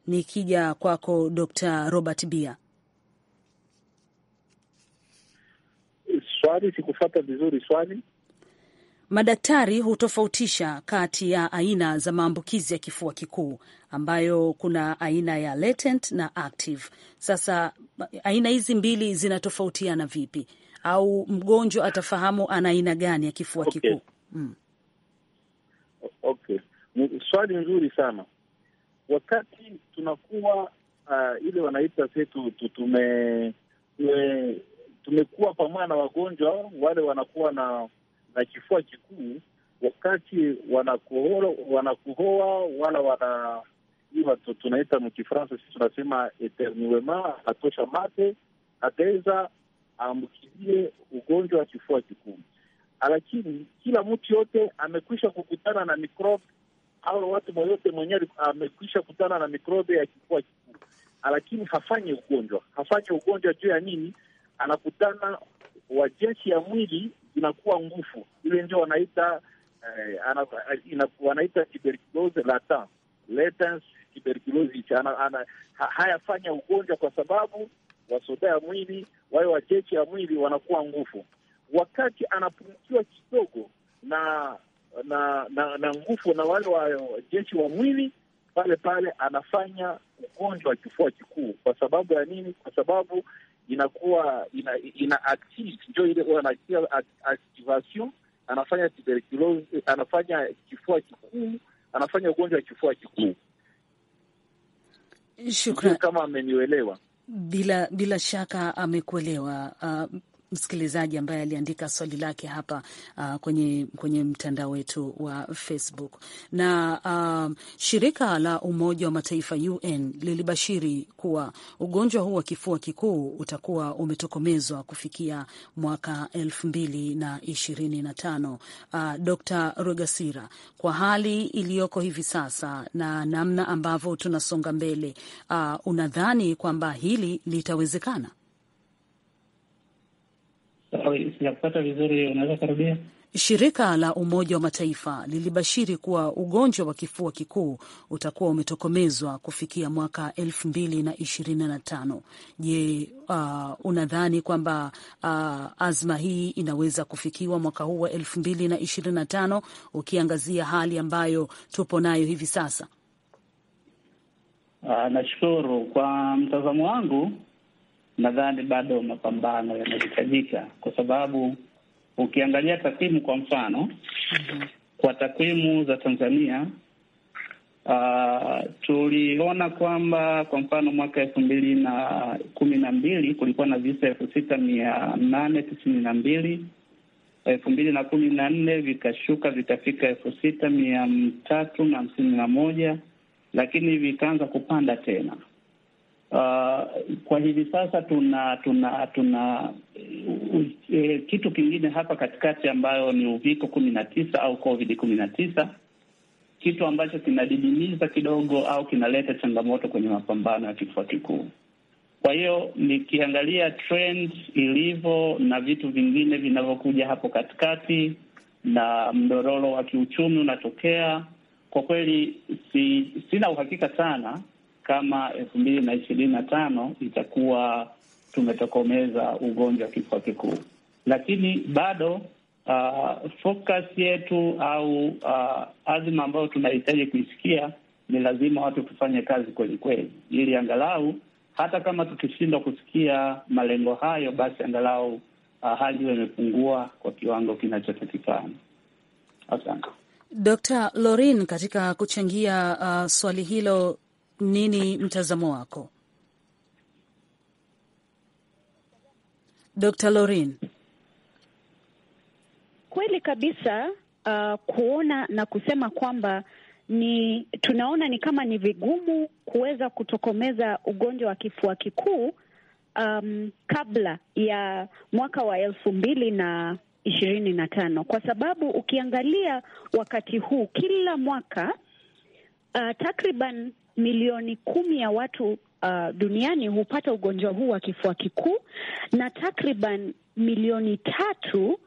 Nikija kwako Dr. Robert Bia. Swali sikufata vizuri swali Madaktari hutofautisha kati ya aina za maambukizi ya kifua kikuu ambayo kuna aina ya latent na active. Sasa aina hizi mbili zinatofautiana vipi, au mgonjwa atafahamu ana aina gani ya kifua okay, kikuu? Mm. Okay, swali nzuri sana. Wakati tunakuwa uh, ile wanaita setu tume tume pamoja na wagonjwa wale wanakuwa na na kifua kikuu wakati wanakuhoa wanakuhoa wala wana tunaita mkifransa sisi tunasema eternuema, atosha mate, ataweza aambukizie ugonjwa wa kifua kikuu. Lakini kila mtu yote amekwisha kukutana na mikrobe au watu moyote mwenyewe amekwisha kutana na mikrobe ya kifua kikuu, lakini hafanye ugonjwa, hafanye ugonjwa juu ya nini? Anakutana wajeshi ya mwili inakuwa ngufu ile, ndio wanaita eh, wanaita tuberculose latent latent tuberculosis. Hayafanya ugonjwa kwa sababu wasoda ya mwili wale wajeshi ya mwili wanakuwa ngufu, wakati anapungukiwa kidogo na na na, na nguvu na wale wajeshi wa mwili pale pale anafanya ugonjwa wa kifua kikuu. Kwa sababu ya nini? Kwa sababu inakuwa ina, ina active ndio ile ile activation, anafanya tuberculosis, eh, anafanya kifua kikuu, anafanya ugonjwa wa kifua kikuu. Shukrani kama amenielewa. Bila bila shaka amekuelewa. Uh, msikilizaji ambaye aliandika swali lake hapa uh, kwenye, kwenye mtandao wetu wa Facebook. Na uh, shirika la Umoja wa Mataifa UN lilibashiri kuwa ugonjwa huu wa kifua kikuu utakuwa umetokomezwa kufikia mwaka elfu mbili na ishirini na tano. Uh, Dr. Rogasira, kwa hali iliyoko hivi sasa na namna ambavyo tunasonga mbele, uh, unadhani kwamba hili litawezekana? Sijakupata vizuri, unaweza kurudia? Shirika la Umoja wa Mataifa lilibashiri kuwa ugonjwa wa kifua kikuu utakuwa umetokomezwa kufikia mwaka elfu mbili na ishirini na tano. Je, uh, unadhani kwamba uh, azma hii inaweza kufikiwa mwaka huu wa elfu mbili na ishirini na tano ukiangazia hali ambayo tupo nayo hivi sasa? Uh, nashukuru kwa mtazamo wangu nadhani bado mapambano yanahitajika, kwa sababu ukiangalia takwimu, kwa mfano kwa takwimu za Tanzania uh, tuliona kwamba kwa mfano mwaka elfu mbili na kumi na mbili kulikuwa na visa elfu sita mia nane tisini na mbili elfu mbili na kumi na nne vikashuka vikafika elfu sita mia tatu na hamsini na moja lakini vikaanza kupanda tena Uh, kwa hivi sasa tuna tuna tuna uh, uh, kitu kingine hapa katikati ambayo ni uviko kumi na tisa au covid kumi na tisa, kitu ambacho kinadidimiza kidogo au kinaleta changamoto kwenye mapambano ya kifua kikuu. Kwa hiyo nikiangalia trend ilivyo na vitu vingine vinavyokuja hapo katikati na mdororo wa kiuchumi unatokea, kwa kweli si, sina uhakika sana kama elfu mbili na ishirini na tano itakuwa tumetokomeza ugonjwa wa kifua kikuu, lakini bado uh, focus yetu au uh, azima ambayo tunahitaji kuisikia ni lazima watu tufanye kazi kwelikweli ili angalau hata kama tukishindwa kusikia malengo hayo, basi angalau uh, hali hiyo imepungua kwa kiwango kinachotakikana. Asante Dr. Lorin katika kuchangia uh, swali hilo nini mtazamo wako Dr. Lorin? Kweli kabisa. Uh, kuona na kusema kwamba ni tunaona ni kama ni vigumu kuweza kutokomeza ugonjwa wa kifua kikuu um, kabla ya mwaka wa elfu mbili na ishirini na tano kwa sababu ukiangalia wakati huu kila mwaka Uh, takriban milioni kumi ya watu uh, duniani hupata ugonjwa huu wa kifua kikuu na takriban milioni tatu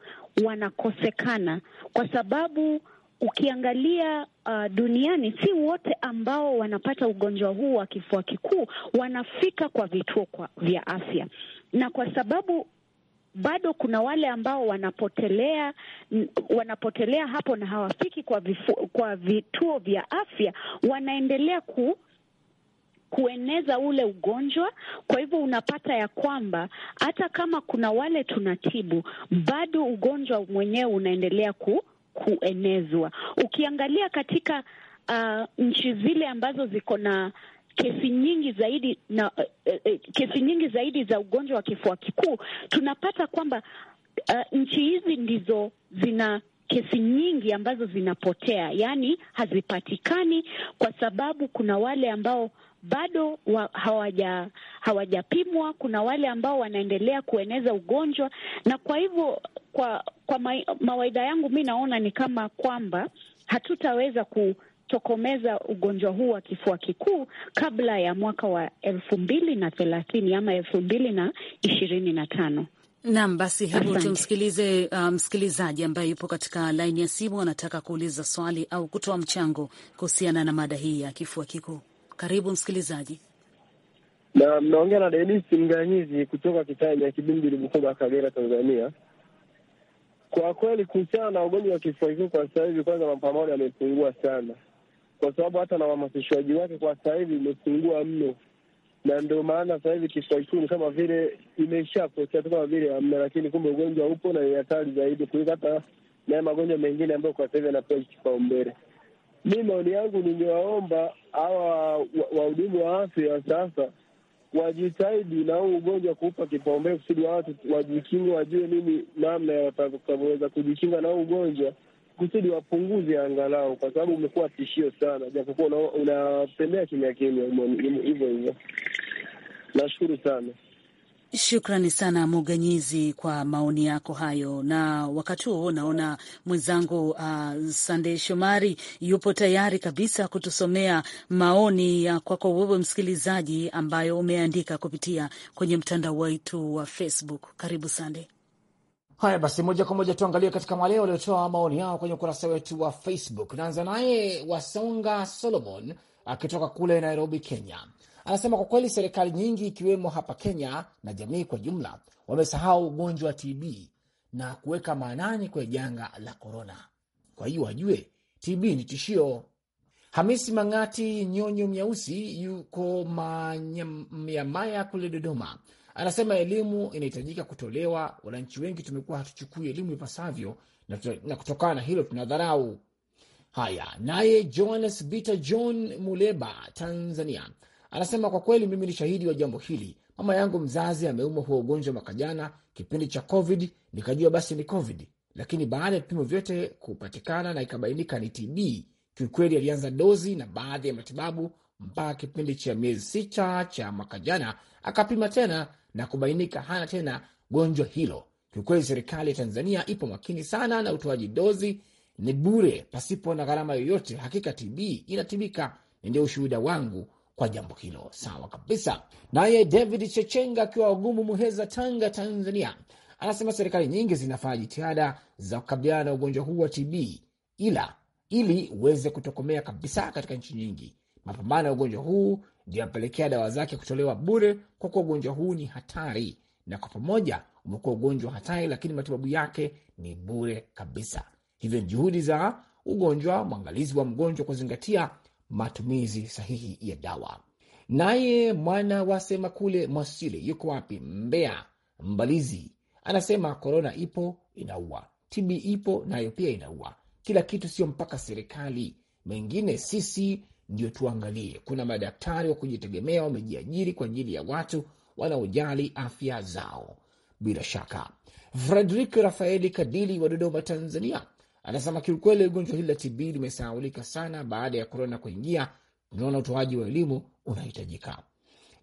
wanakosekana kwa sababu ukiangalia uh, duniani si wote ambao wanapata ugonjwa huu wa kifua kikuu wanafika kwa vituo kwa vya afya, na kwa sababu bado kuna wale ambao wanapotelea wanapotelea hapo na hawafiki kwa, vifu, kwa vituo vya afya, wanaendelea ku kueneza ule ugonjwa. Kwa hivyo unapata ya kwamba hata kama kuna wale tunatibu, bado ugonjwa mwenyewe unaendelea ku, kuenezwa. Ukiangalia katika uh, nchi zile ambazo ziko na kesi nyingi zaidi na uh, uh, kesi nyingi zaidi za ugonjwa wa kifua kikuu, tunapata kwamba uh, nchi hizi ndizo zina kesi nyingi ambazo zinapotea, yaani hazipatikani kwa sababu kuna wale ambao bado wa, hawaja hawajapimwa. Kuna wale ambao wanaendelea kueneza ugonjwa, na kwa hivyo kwa kwa mawaidha yangu mi naona ni kama kwamba hatutaweza ku tokomeza ugonjwa huu wa kifua kikuu kabla ya mwaka wa elfu mbili na thelathini ama elfu mbili na ishirini na tano. Naam, basi hebu tumsikilize uh, msikilizaji um, ambaye yupo katika laini ya simu, anataka kuuliza swali au kutoa mchango kuhusiana na mada hii ya kifua kikuu. Karibu msikilizaji. Na mnaongea na Denis Mganyizi kutoka Kitanya Kibimbili, Bukoba, Kagera, Tanzania. Kwa kweli kuhusiana na ugonjwa wa kifua kikuu kwa sasa hivi, kwanza mapambano yamepungua sana, kwa sababu hata na uhamasishaji wake kwa sasa hivi mno, na ndio maana sasa hivi kama vile imeshapokea tu kama vile amna, lakini kumbe ugonjwa upo na ni hatari zaidi kuliko hata naye magonjwa mengine ambayo kwa sasa hivi anapewa kipaumbele. Mi maoni yangu, ningewaomba hawa wahudumu wa afya wa sasa wajitahidi na huu ugonjwa kuupa kipaumbele kusudi watu wajikinga, wajue nini namna watakavyoweza kujikinga na huu ugonjwa kusudi wapunguze angalau, kwa sababu umekuwa tishio sana, japokuwa unatembea kimya kimya hivyo hivyo. Nashukuru sana. Shukrani sana Muganyizi kwa maoni yako hayo. Na wakati huo naona mwenzangu uh, Sandey Shomari yupo tayari kabisa kutusomea maoni ya kwako wewe msikilizaji, ambayo umeandika kupitia kwenye mtandao wetu wa Facebook. Karibu sande Haya basi, moja kwa moja tuangalie katika wale waliotoa maoni yao kwenye ukurasa wetu wa Facebook. Naanza naye Wasonga Solomon akitoka kule Nairobi, Kenya. Anasema kwa kweli serikali nyingi ikiwemo hapa Kenya na jamii kwa jumla wamesahau ugonjwa wa TB na kuweka maanani kwenye janga la korona. Kwa hiyo wajue TB ni tishio. Hamisi Mang'ati Nyonyo Myeusi yuko Manyamaya kule Dodoma Anasema elimu inahitajika kutolewa. Wananchi wengi tumekuwa hatuchukui elimu ipasavyo, na kutokana na hilo tunadharau haya. Naye Johannes Bita John Muleba, Tanzania, anasema kwa kweli mimi ni shahidi wa jambo hili. Mama yangu mzazi ameumwa huo ugonjwa mwaka jana kipindi cha COVID, nikajua basi ni COVID, lakini baada ya vipimo vyote kupatikana na ikabainika ni TB. Kiukweli alianza dozi na baadhi ya matibabu mpaka kipindi cha miezi sita cha mwaka jana akapima tena na kubainika hana tena gonjwa hilo. Kiukweli serikali ya Tanzania ipo makini sana na utoaji dozi ni bure pasipo na gharama yoyote. Hakika TB inatibika, ndio ushuhuda wangu kwa jambo hilo. Sawa kabisa. Naye David Chechenga akiwa wagumu Muheza, Tanga, Tanzania, anasema serikali nyingi zinafanya jitihada za kukabiliana na ugonjwa huu wa TB ila ili uweze kutokomea kabisa katika nchi nyingi, mapambano ya ugonjwa huu ndio amepelekea dawa zake kutolewa bure, kwa kuwa ugonjwa huu ni hatari na kwa pamoja umekuwa ugonjwa hatari, lakini matibabu yake ni bure kabisa. Hivyo ni juhudi za ugonjwa mwangalizi wa mgonjwa kuzingatia matumizi sahihi ya dawa. Naye mwana wa sema kule Mwasile yuko wapi? mbea Mbalizi, anasema korona ipo inaua, TB ipo nayo pia inaua, kila kitu, sio mpaka serikali. Mengine sisi ndio tuangalie. Kuna madaktari wa kujitegemea wamejiajiri kwa ajili ya watu wanaojali afya zao. Bila shaka, Frederik Rafaeli Kadili wa Dodoma, Tanzania, anasema kiukweli, ugonjwa hili la TB limesahaulika sana baada ya korona kuingia. Tunaona utoaji wa elimu unahitajika.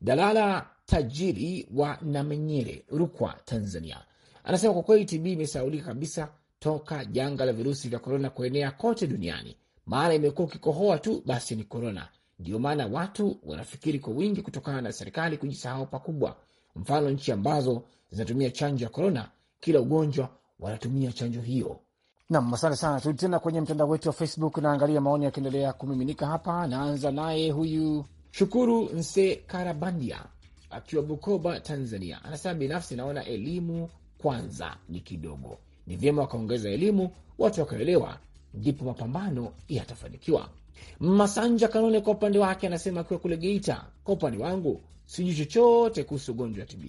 Dalala Tajiri wa Namenyere, Rukwa, Tanzania, anasema kwa kweli TB imesahaulika kabisa toka janga la virusi vya korona kuenea kote duniani maana imekuwa ukikohoa tu basi ni korona. Ndiyo maana watu wanafikiri kwa wingi kutokana na serikali kujisahau pakubwa. Mfano, nchi ambazo zinatumia chanjo ya korona, kila ugonjwa wanatumia chanjo hiyo. Nam, asante sana. Turudi tena kwenye mtandao wetu wa Facebook, naangalia maoni yakiendelea kumiminika hapa. Naanza naye huyu Shukuru Nse Karabandia akiwa Bukoba, Tanzania, anasema binafsi naona elimu kwanza ni kidogo, ni vyema wakaongeza elimu, watu wakaelewa ndipo mapambano yatafanikiwa. Masanja Kanone kwa upande wake anasema akiwa kule Geita, kwa upande wangu sijui chochote kuhusu ugonjwa wa TB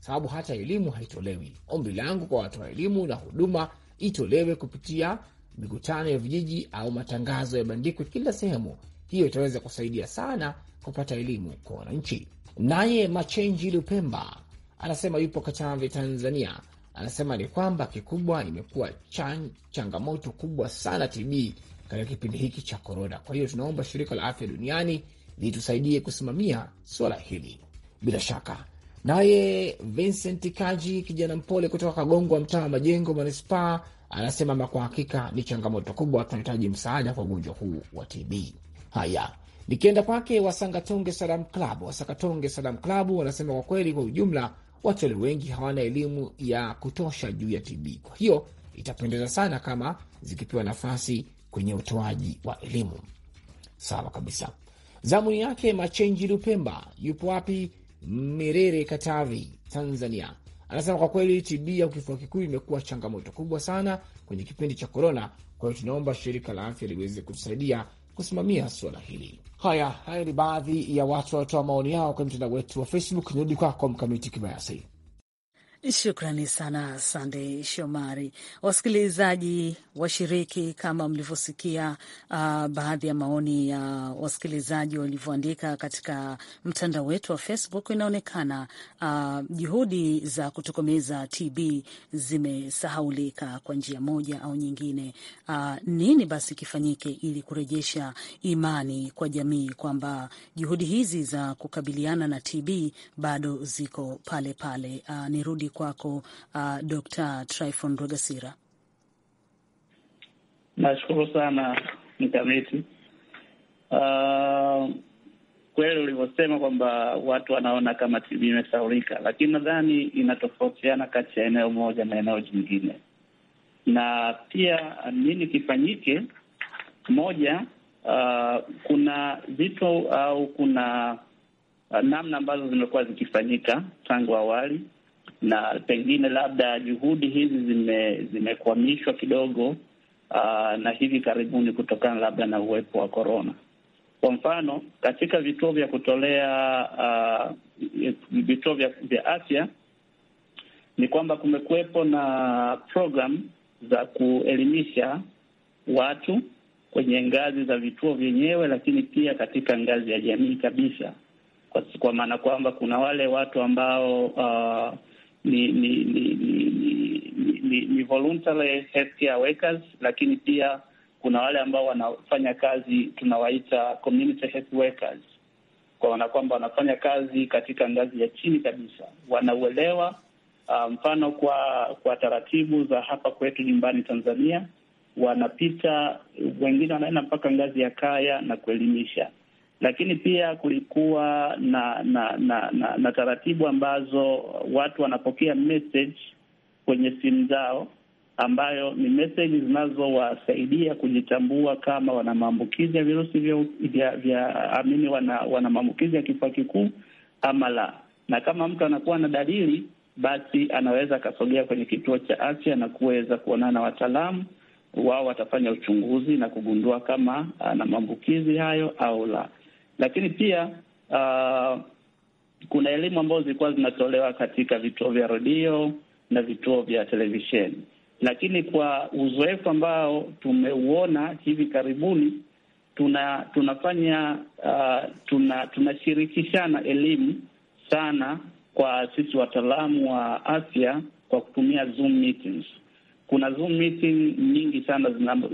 sababu hata elimu haitolewi. Ombi langu kwa watu wa elimu na huduma itolewe kupitia mikutano ya vijiji au matangazo yabandikwe kila sehemu. Hiyo itaweza kusaidia sana kupata elimu kwa wananchi. Naye Machenji Lupemba anasema yupo Katavi, Tanzania anasema ni kwamba kikubwa imekuwa chan, changamoto kubwa sana TB katika kipindi hiki cha korona. Kwa hiyo tunaomba shirika la afya duniani litusaidie kusimamia swala hili. Bila shaka naye Vincent Kaji, kijana mpole kutoka Kagongwa, mtaa wa Majengo, manispaa, anasema kwa hakika ni changamoto kubwa, tunahitaji msaada kwa ugonjwa huu wa TB. Haya, nikienda kwake Wasangatonge Salam Klabu, Wasangatonge Salam Klabu wanasema kwa kweli, kwa ujumla watu walio wengi hawana elimu ya kutosha juu ya TB. Kwa hiyo itapendeza sana kama zikipewa nafasi kwenye utoaji wa elimu. Sawa kabisa. Zamuni yake Machenji Lupemba yupo wapi? Mirere, Katavi, Tanzania. Anasema kwa kweli TB ya kifua kikuu imekuwa changamoto kubwa sana kwenye kipindi cha korona. Kwa hiyo tunaomba shirika la afya liweze kutusaidia kusimamia suala hili. Haya, haya ni baadhi ya watu wanatoa maoni yao kwenye mtandao wetu wa Facebook. Nirudi kwako Mkamiti Kibayasi. Shukrani sana sande Shomari. Wasikilizaji washiriki, kama mlivyosikia uh, baadhi ya maoni ya uh, wasikilizaji walivyoandika katika mtandao wetu wa Facebook, inaonekana uh, juhudi za kutokomeza TB zimesahaulika kwa njia moja au nyingine. Uh, nini basi kifanyike ili kurejesha imani kwa jamii kwamba juhudi hizi za kukabiliana na TB bado ziko pale pale? Uh, nirudi kurudi kwako uh, Dr. Tryphon Rwagasira. Nashukuru sana mkamiti. Uh, kweli ulivyosema kwamba watu wanaona kama TB imesahaulika, lakini nadhani inatofautiana kati ya eneo moja na eneo jingine, na pia uh, nini kifanyike. Moja, uh, kuna vitu au kuna uh, namna ambazo zimekuwa zikifanyika tangu awali na pengine labda juhudi hizi zime, zimekwamishwa kidogo uh, na hivi karibuni kutokana labda na uwepo wa korona. Kwa mfano katika vituo vya kutolea uh, vituo vya, vya afya ni kwamba kumekuwepo na program za kuelimisha watu kwenye ngazi za vituo vyenyewe, lakini pia katika ngazi ya jamii kabisa, kwa, kwa maana kwamba kuna wale watu ambao uh, ni ni ni ni, ni, ni, ni voluntary healthcare workers, lakini pia kuna wale ambao wanafanya kazi tunawaita community health workers, kwa maana kwamba wanafanya kazi katika ngazi ya chini kabisa, wanauelewa ah, mfano kwa kwa taratibu za hapa kwetu nyumbani Tanzania, wanapita wengine wanaenda mpaka ngazi ya kaya na kuelimisha lakini pia kulikuwa na na na, na, na taratibu ambazo watu wanapokea message kwenye simu zao ambayo ni meseji zinazowasaidia kujitambua kama wana maambukizi ya virusi vya vya amini, wana wana maambukizi ya kifua kikuu ama la. Na kama mtu anakuwa na dalili, basi anaweza akasogea kwenye kituo cha afya na kuweza kuonana na wataalamu wao, watafanya uchunguzi na kugundua kama ana maambukizi hayo au la. Lakini pia uh, kuna elimu ambazo zilikuwa zinatolewa katika vituo vya redio na vituo vya televisheni, lakini kwa uzoefu ambao tumeuona hivi karibuni tuna tunafanya uh, tuna tunashirikishana elimu sana kwa sisi wataalamu wa afya kwa kutumia Zoom meetings. Kuna Zoom meeting nyingi sana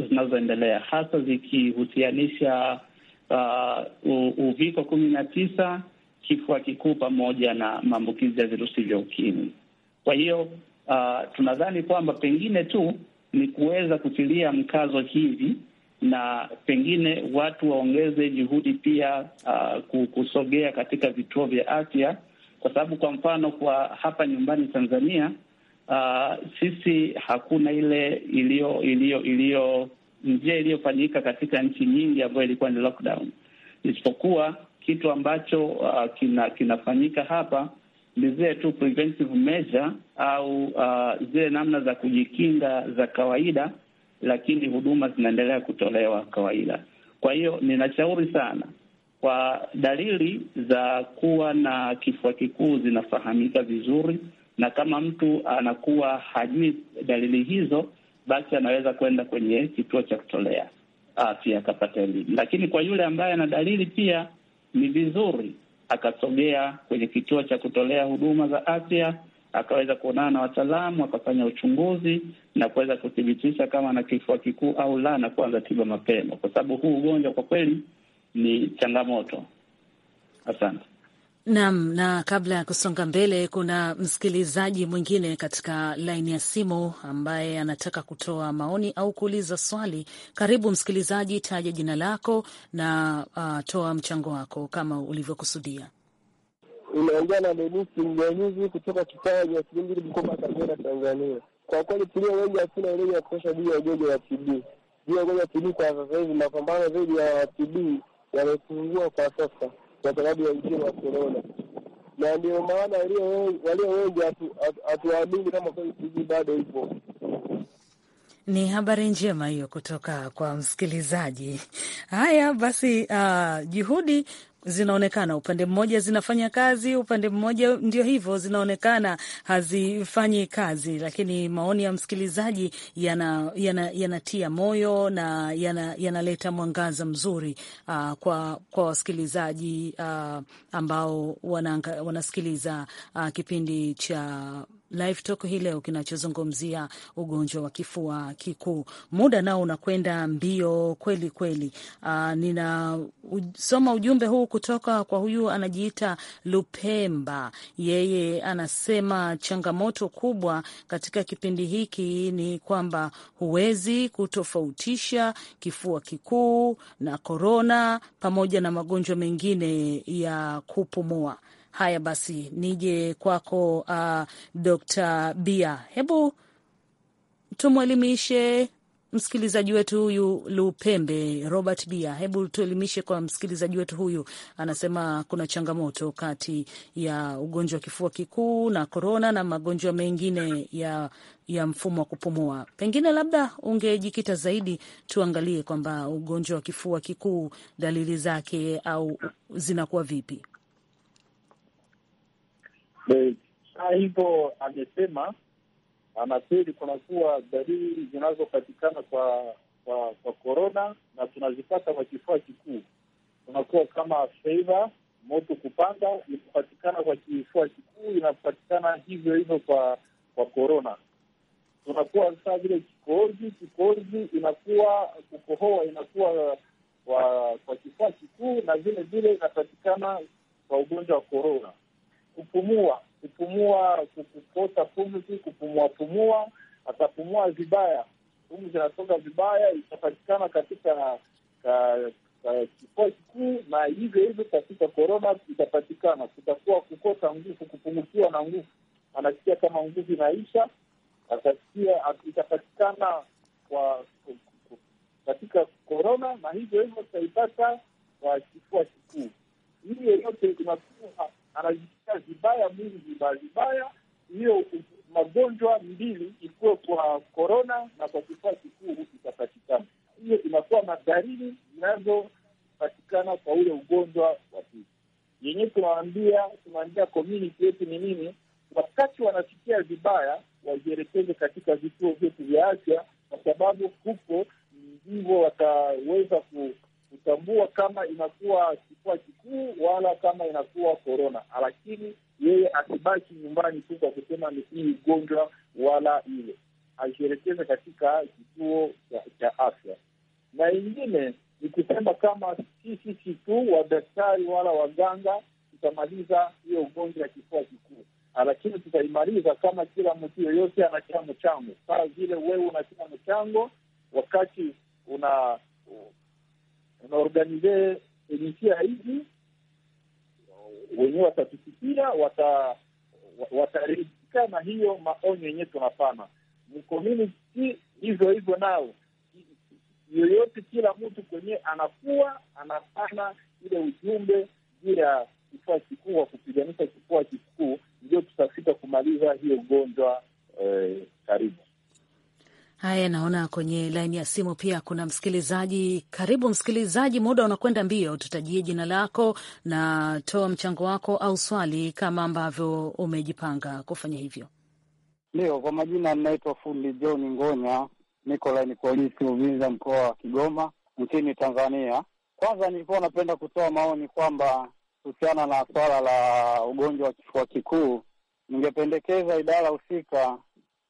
zinazoendelea hasa zikihusianisha uh, uviko kumi na tisa, kifua kikuu pamoja na maambukizi ya virusi vya ukimwi. Kwa hiyo uh, tunadhani kwamba pengine tu ni kuweza kutilia mkazo hivi na pengine watu waongeze juhudi pia uh, kusogea katika vituo vya afya, kwa sababu kwa mfano kwa hapa nyumbani Tanzania uh, sisi hakuna ile iliyo iliyo iliyo njia iliyofanyika katika nchi nyingi ambayo ilikuwa ni lockdown, isipokuwa kitu ambacho uh, kina, kinafanyika hapa ni zile tu preventive measure au uh, zile namna za kujikinga za kawaida, lakini huduma zinaendelea kutolewa kawaida. Kwa hiyo ninashauri sana kwa dalili za kuwa na kifua kikuu zinafahamika vizuri, na kama mtu anakuwa hajui dalili hizo, basi anaweza kwenda kwenye kituo cha kutolea afya ah, akapata elimu. Lakini kwa yule ambaye ana dalili pia ni vizuri akasogea kwenye kituo cha kutolea huduma za afya akaweza kuonana na wataalamu akafanya uchunguzi na kuweza kuthibitisha kama ana kifua kikuu au la, na kuanza tiba mapema, kwa sababu huu ugonjwa kwa kweli ni changamoto. Asante. Naam, na kabla ya kusonga mbele, kuna msikilizaji mwingine katika laini ya simu ambaye anataka kutoa maoni au kuuliza swali. Karibu msikilizaji, taja jina lako na uh, toa mchango wako kama ulivyokusudia. Unaongea na Denisi Mjanyuzi kutoka kifaa ya Kiimbili, Bukoba, Kagera, Tanzania. Kwa kweli tulio wengi hatuna elimu ya kutosha juu ya ugonjwa wa TB. Juu ya ugonjwa wa TB kwa sasa hivi, mapambano dhidi ya TB yamepungua kwa sasa kwa sababu ya ujio wa korona, na ndio maana walio wengi hatuamini kama kweli bado ipo. Ni habari njema hiyo kutoka kwa msikilizaji. Haya basi, uh, juhudi zinaonekana upande mmoja zinafanya kazi, upande mmoja ndio hivyo zinaonekana hazifanyi kazi. Lakini maoni ya msikilizaji yanatia yana, yana moyo na yanaleta yana mwangaza mzuri uh, kwa, kwa wasikilizaji uh, ambao wanasikiliza uh, kipindi cha live talk hii leo kinachozungumzia ugonjwa wa kifua kikuu. Muda nao unakwenda mbio kweli kweli. Uh, ah, ninasoma ujumbe huu kutoka kwa huyu anajiita Lupemba. Yeye anasema changamoto kubwa katika kipindi hiki ni kwamba huwezi kutofautisha kifua kikuu na korona pamoja na magonjwa mengine ya kupumua. Haya basi, nije kwako uh, Dr. Bia, hebu tumwelimishe msikilizaji wetu huyu Lupembe Robert Bia, hebu tuelimishe kwa msikilizaji wetu huyu. Anasema kuna changamoto kati ya ugonjwa wa kifua kikuu na korona na magonjwa mengine ya, ya mfumo wa kupumua. Pengine labda ungejikita zaidi, tuangalie kwamba ugonjwa wa kifua kikuu dalili zake au zinakuwa vipi? Saa hivyo amesema, anaseri kunakuwa dalili zinazopatikana kwa kwa kwa korona na tunazipata kwa kifua kikuu, kunakuwa kama feiva, moto kupanda, inapatikana kwa kifua kikuu, inapatikana hivyo hivyo kwa kwa korona. Tunakuwa saa vile kikohozi, kikohozi inakuwa kukohoa, inakuwa kwa kifua kikuu na vile vile inapatikana kwa ugonjwa wa korona kupumua kupumua, kukosa pumzi, kupumua pumua, atapumua vibaya, pumzi zinatoka vibaya, itapatikana katika kifua kikuu, na hivyo hivyo katika korona itapatikana. Kutakuwa kukosa nguvu, kupungukiwa na nguvu, anasikia kama nguvu inaisha, atasikia itapatikana kwa katika korona, na hivyo hivyo itaipata kwa kifua kikuu. Hiyo yote inakuwa anajisikia vibaya mwingi vibaya vibaya. Hiyo magonjwa mbili ikuwe kwa korona na kwa kifua kikuu itapatikana, hiyo inakuwa madharini zinazopatikana kwa ule ugonjwa wa pili. Yenyewe tunawaambia tunaambia community yetu ni nini, wakati wanasikia vibaya wajielekeze katika vituo vyetu vya afya, kwa sababu huko ndivyo wataweza kutambua kama inakuwa kuwa kikuu wala kama inakuwa korona, lakini yeye asibaki nyumbani tu kwa kusema ni hii ugonjwa wala ile, ajielekeze katika kituo cha afya. Na ingine ni kusema kama sisi tu wadaktari wala waganga tutamaliza hiyo ugonjwa ya kifua kikuu, lakini tutaimaliza kama kila mtu yoyote anatia mchango, saa vile wewe unatia mchango wakati una unaorganize jinsia hizi wenyewe watatusikia, wataridhika na hiyo maonyo yenyewe tunapana mkomuniti hizo hizo, nao yoyote, kila mtu kwenyewe anakuwa anapana ile ujumbe juu ya kifua kikuu wa kupiganisha kifua kikuu, ndio tutafika kumaliza hiyo ugonjwa. Eh, karibu Haya, naona kwenye laini ya simu pia kuna msikilizaji. Karibu msikilizaji, muda unakwenda mbio. Tutajie jina lako na toa mchango wako au swali kama ambavyo umejipanga kufanya hivyo. Ndio, kwa majina ninaitwa Fundi John Ngonya, niko laini polisi Uvinza, mkoa wa Kigoma, nchini Tanzania. Kwanza nilikuwa napenda kutoa maoni kwamba kuhusiana na swala la ugonjwa wa kifua kikuu, ningependekeza idara husika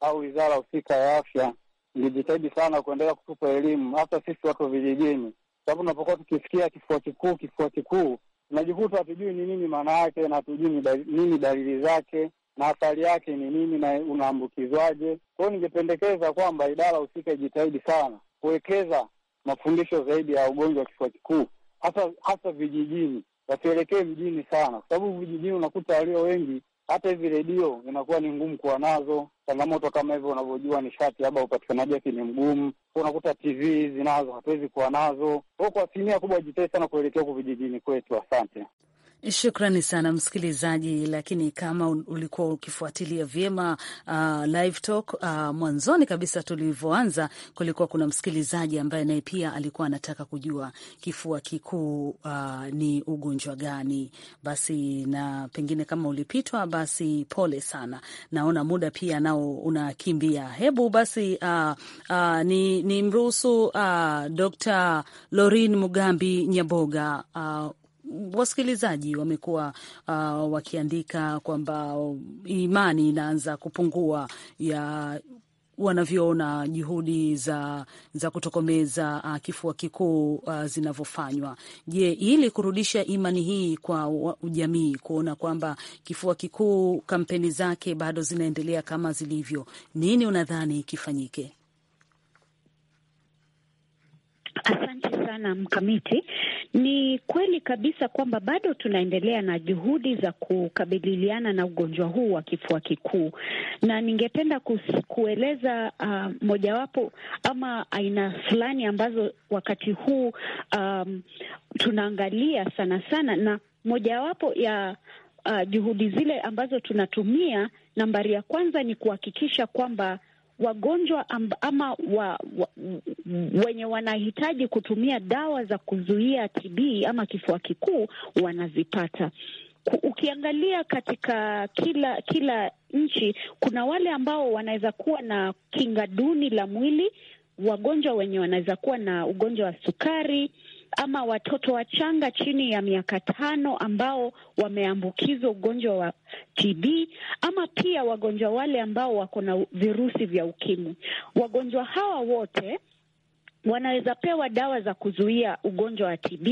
au wizara husika ya afya nijitahidi sana kuendelea kutupa elimu, hata sisi watu vijijini, sababu tunapokuwa tukisikia kifua kikuu, kifua kikuu, tunajikuta hatujui ni nini maana yake na hatujui nini dalili zake na athari yake ni nini na unaambukizwaje. Kwa hiyo ningependekeza kwamba idara husika ijitahidi sana kuwekeza mafundisho zaidi ya ugonjwa wa kifua kikuu, hasa hasa vijijini, wasielekee mjini sana, kwa sababu vijijini unakuta walio wengi hata hivi redio inakuwa ni ngumu kuwa nazo. Changamoto kama hivyo unavyojua, nishati labda upatikanaji wake ni mgumu, unakuta TV hizi nazo hatuwezi kuwa nazo. Kwa asilimia kubwa jitahidi sana kuelekea huku vijijini kwetu. Asante. Shukrani sana msikilizaji, lakini kama ulikuwa ukifuatilia vyema uh, live talk uh, mwanzoni kabisa tulivyoanza, kulikuwa kuna msikilizaji ambaye naye pia alikuwa anataka kujua kifua kikuu uh, ni ugonjwa gani? Basi na pengine kama ulipitwa, basi pole sana, naona muda pia nao unakimbia. Hebu basi uh, uh, ni, ni mruhusu uh, Dr. Lorin Mugambi Nyaboga uh, wasikilizaji wamekuwa uh, wakiandika kwamba imani inaanza kupungua ya wanavyoona juhudi za, za kutokomeza uh, kifua kikuu uh, zinavyofanywa. Je, ili kurudisha imani hii kwa jamii kuona kwamba kifua kikuu kampeni zake bado zinaendelea kama zilivyo, nini unadhani kifanyike? Asante sana Mkamiti. Ni kweli kabisa kwamba bado tunaendelea na juhudi za kukabililiana na ugonjwa huu wa kifua kikuu, na ningependa kueleza uh, mojawapo ama aina fulani ambazo wakati huu um, tunaangalia sana sana, na mojawapo ya uh, juhudi zile ambazo tunatumia, nambari ya kwanza ni kuhakikisha kwamba wagonjwa ama wa, wa, wenye wanahitaji kutumia dawa za kuzuia TB ama kifua kikuu wanazipata. Ukiangalia katika kila kila nchi kuna wale ambao wanaweza kuwa na kinga duni la mwili, wagonjwa wenye wanaweza kuwa na ugonjwa wa sukari ama watoto wachanga chini ya miaka tano ambao wameambukizwa ugonjwa wa TB ama pia wagonjwa wale ambao wako na virusi vya ukimwi. Wagonjwa hawa wote wanaweza pewa dawa za kuzuia ugonjwa wa TB.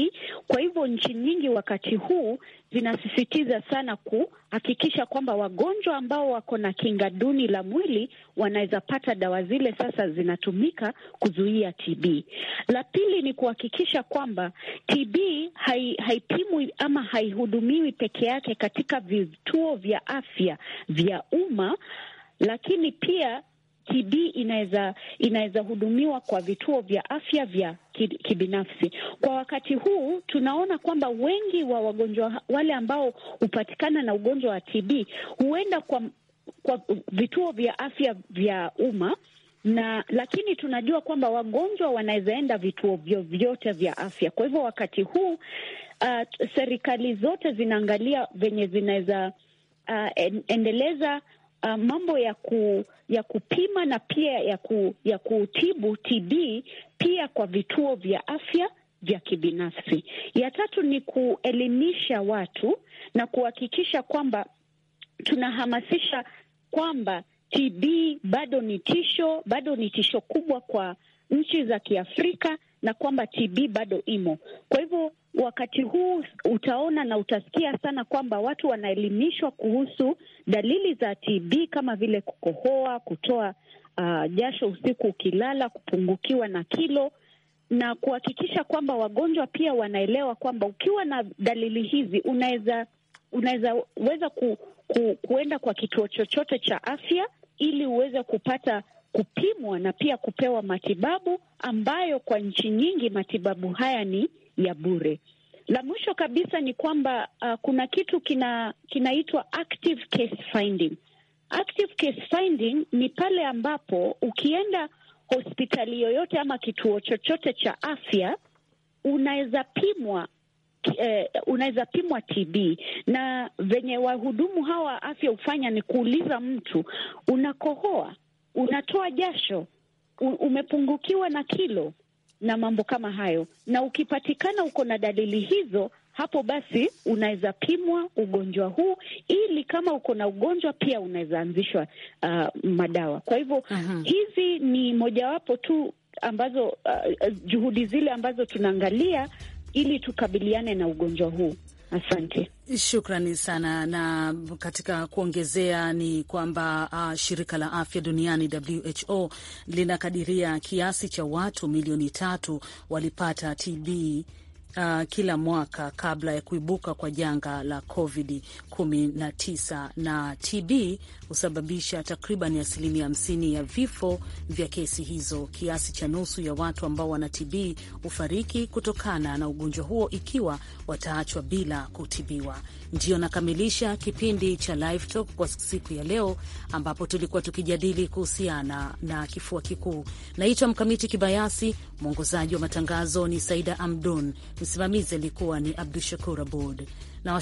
Kwa hivyo nchi nyingi wakati huu zinasisitiza sana kuhakikisha kwamba wagonjwa ambao wako na kinga duni la mwili wanaweza pata dawa zile, sasa zinatumika kuzuia TB. La pili ni kuhakikisha kwamba TB hai, haipimwi ama haihudumiwi peke yake katika vituo vya afya vya umma, lakini pia TB inaweza inaweza hudumiwa kwa vituo vya afya vya kibinafsi. Kwa wakati huu tunaona kwamba wengi wa wagonjwa wale ambao hupatikana na ugonjwa wa TB huenda kwa, kwa vituo vya afya vya umma na lakini tunajua kwamba wagonjwa wanaweza enda vituo vyovyote vya afya. Kwa hivyo wakati huu uh, serikali zote zinaangalia venye zinaweza uh, endeleza uh, mambo ya ku, ya kupima na pia ya, ku, ya kutibu TB pia kwa vituo vya afya vya kibinafsi. Ya tatu ni kuelimisha watu na kuhakikisha kwamba tunahamasisha kwamba TB bado ni tisho, bado ni tisho kubwa kwa nchi za Kiafrika na kwamba TB bado imo. Kwa hivyo wakati huu utaona na utasikia sana kwamba watu wanaelimishwa kuhusu dalili za TB kama vile kukohoa, kutoa uh, jasho usiku ukilala, kupungukiwa na kilo na kuhakikisha kwamba wagonjwa pia wanaelewa kwamba ukiwa na dalili hizi unaweza unaweza weza ku, ku, kuenda kwa kituo chochote cha afya ili uweze kupata kupimwa na pia kupewa matibabu ambayo kwa nchi nyingi matibabu haya ni ya bure. La mwisho kabisa ni kwamba uh, kuna kitu kina kinaitwa active case finding. Active case finding ni pale ambapo ukienda hospitali yoyote ama kituo chochote cha afya unaweza pimwa eh, unaweza pimwa TB na venye wahudumu hawa wa afya hufanya ni kuuliza mtu unakohoa unatoa jasho, umepungukiwa na kilo na mambo kama hayo, na ukipatikana uko na dalili hizo hapo basi unaweza pimwa ugonjwa huu, ili kama uko na ugonjwa pia unaweza anzishwa uh, madawa. Kwa hivyo hizi ni mojawapo tu ambazo uh, juhudi zile ambazo tunaangalia ili tukabiliane na ugonjwa huu. Asante, shukrani sana. Na katika kuongezea ni kwamba uh, shirika la afya duniani WHO linakadiria kiasi cha watu milioni tatu walipata TB uh, kila mwaka kabla ya kuibuka kwa janga la COVID 19 na TB husababisha takriban asilimia 50 ya vifo vya kesi hizo. Kiasi cha nusu ya watu ambao wana TB hufariki kutokana na ugonjwa huo ikiwa wataachwa bila kutibiwa. Ndiyo nakamilisha kipindi cha Live Talk kwa siku ya leo, ambapo tulikuwa tukijadili kuhusiana na kifua kikuu. Naitwa Mkamiti Kibayasi, mwongozaji wa matangazo ni Saida Amdun, msimamizi alikuwa ni Abdu Shakur Abud na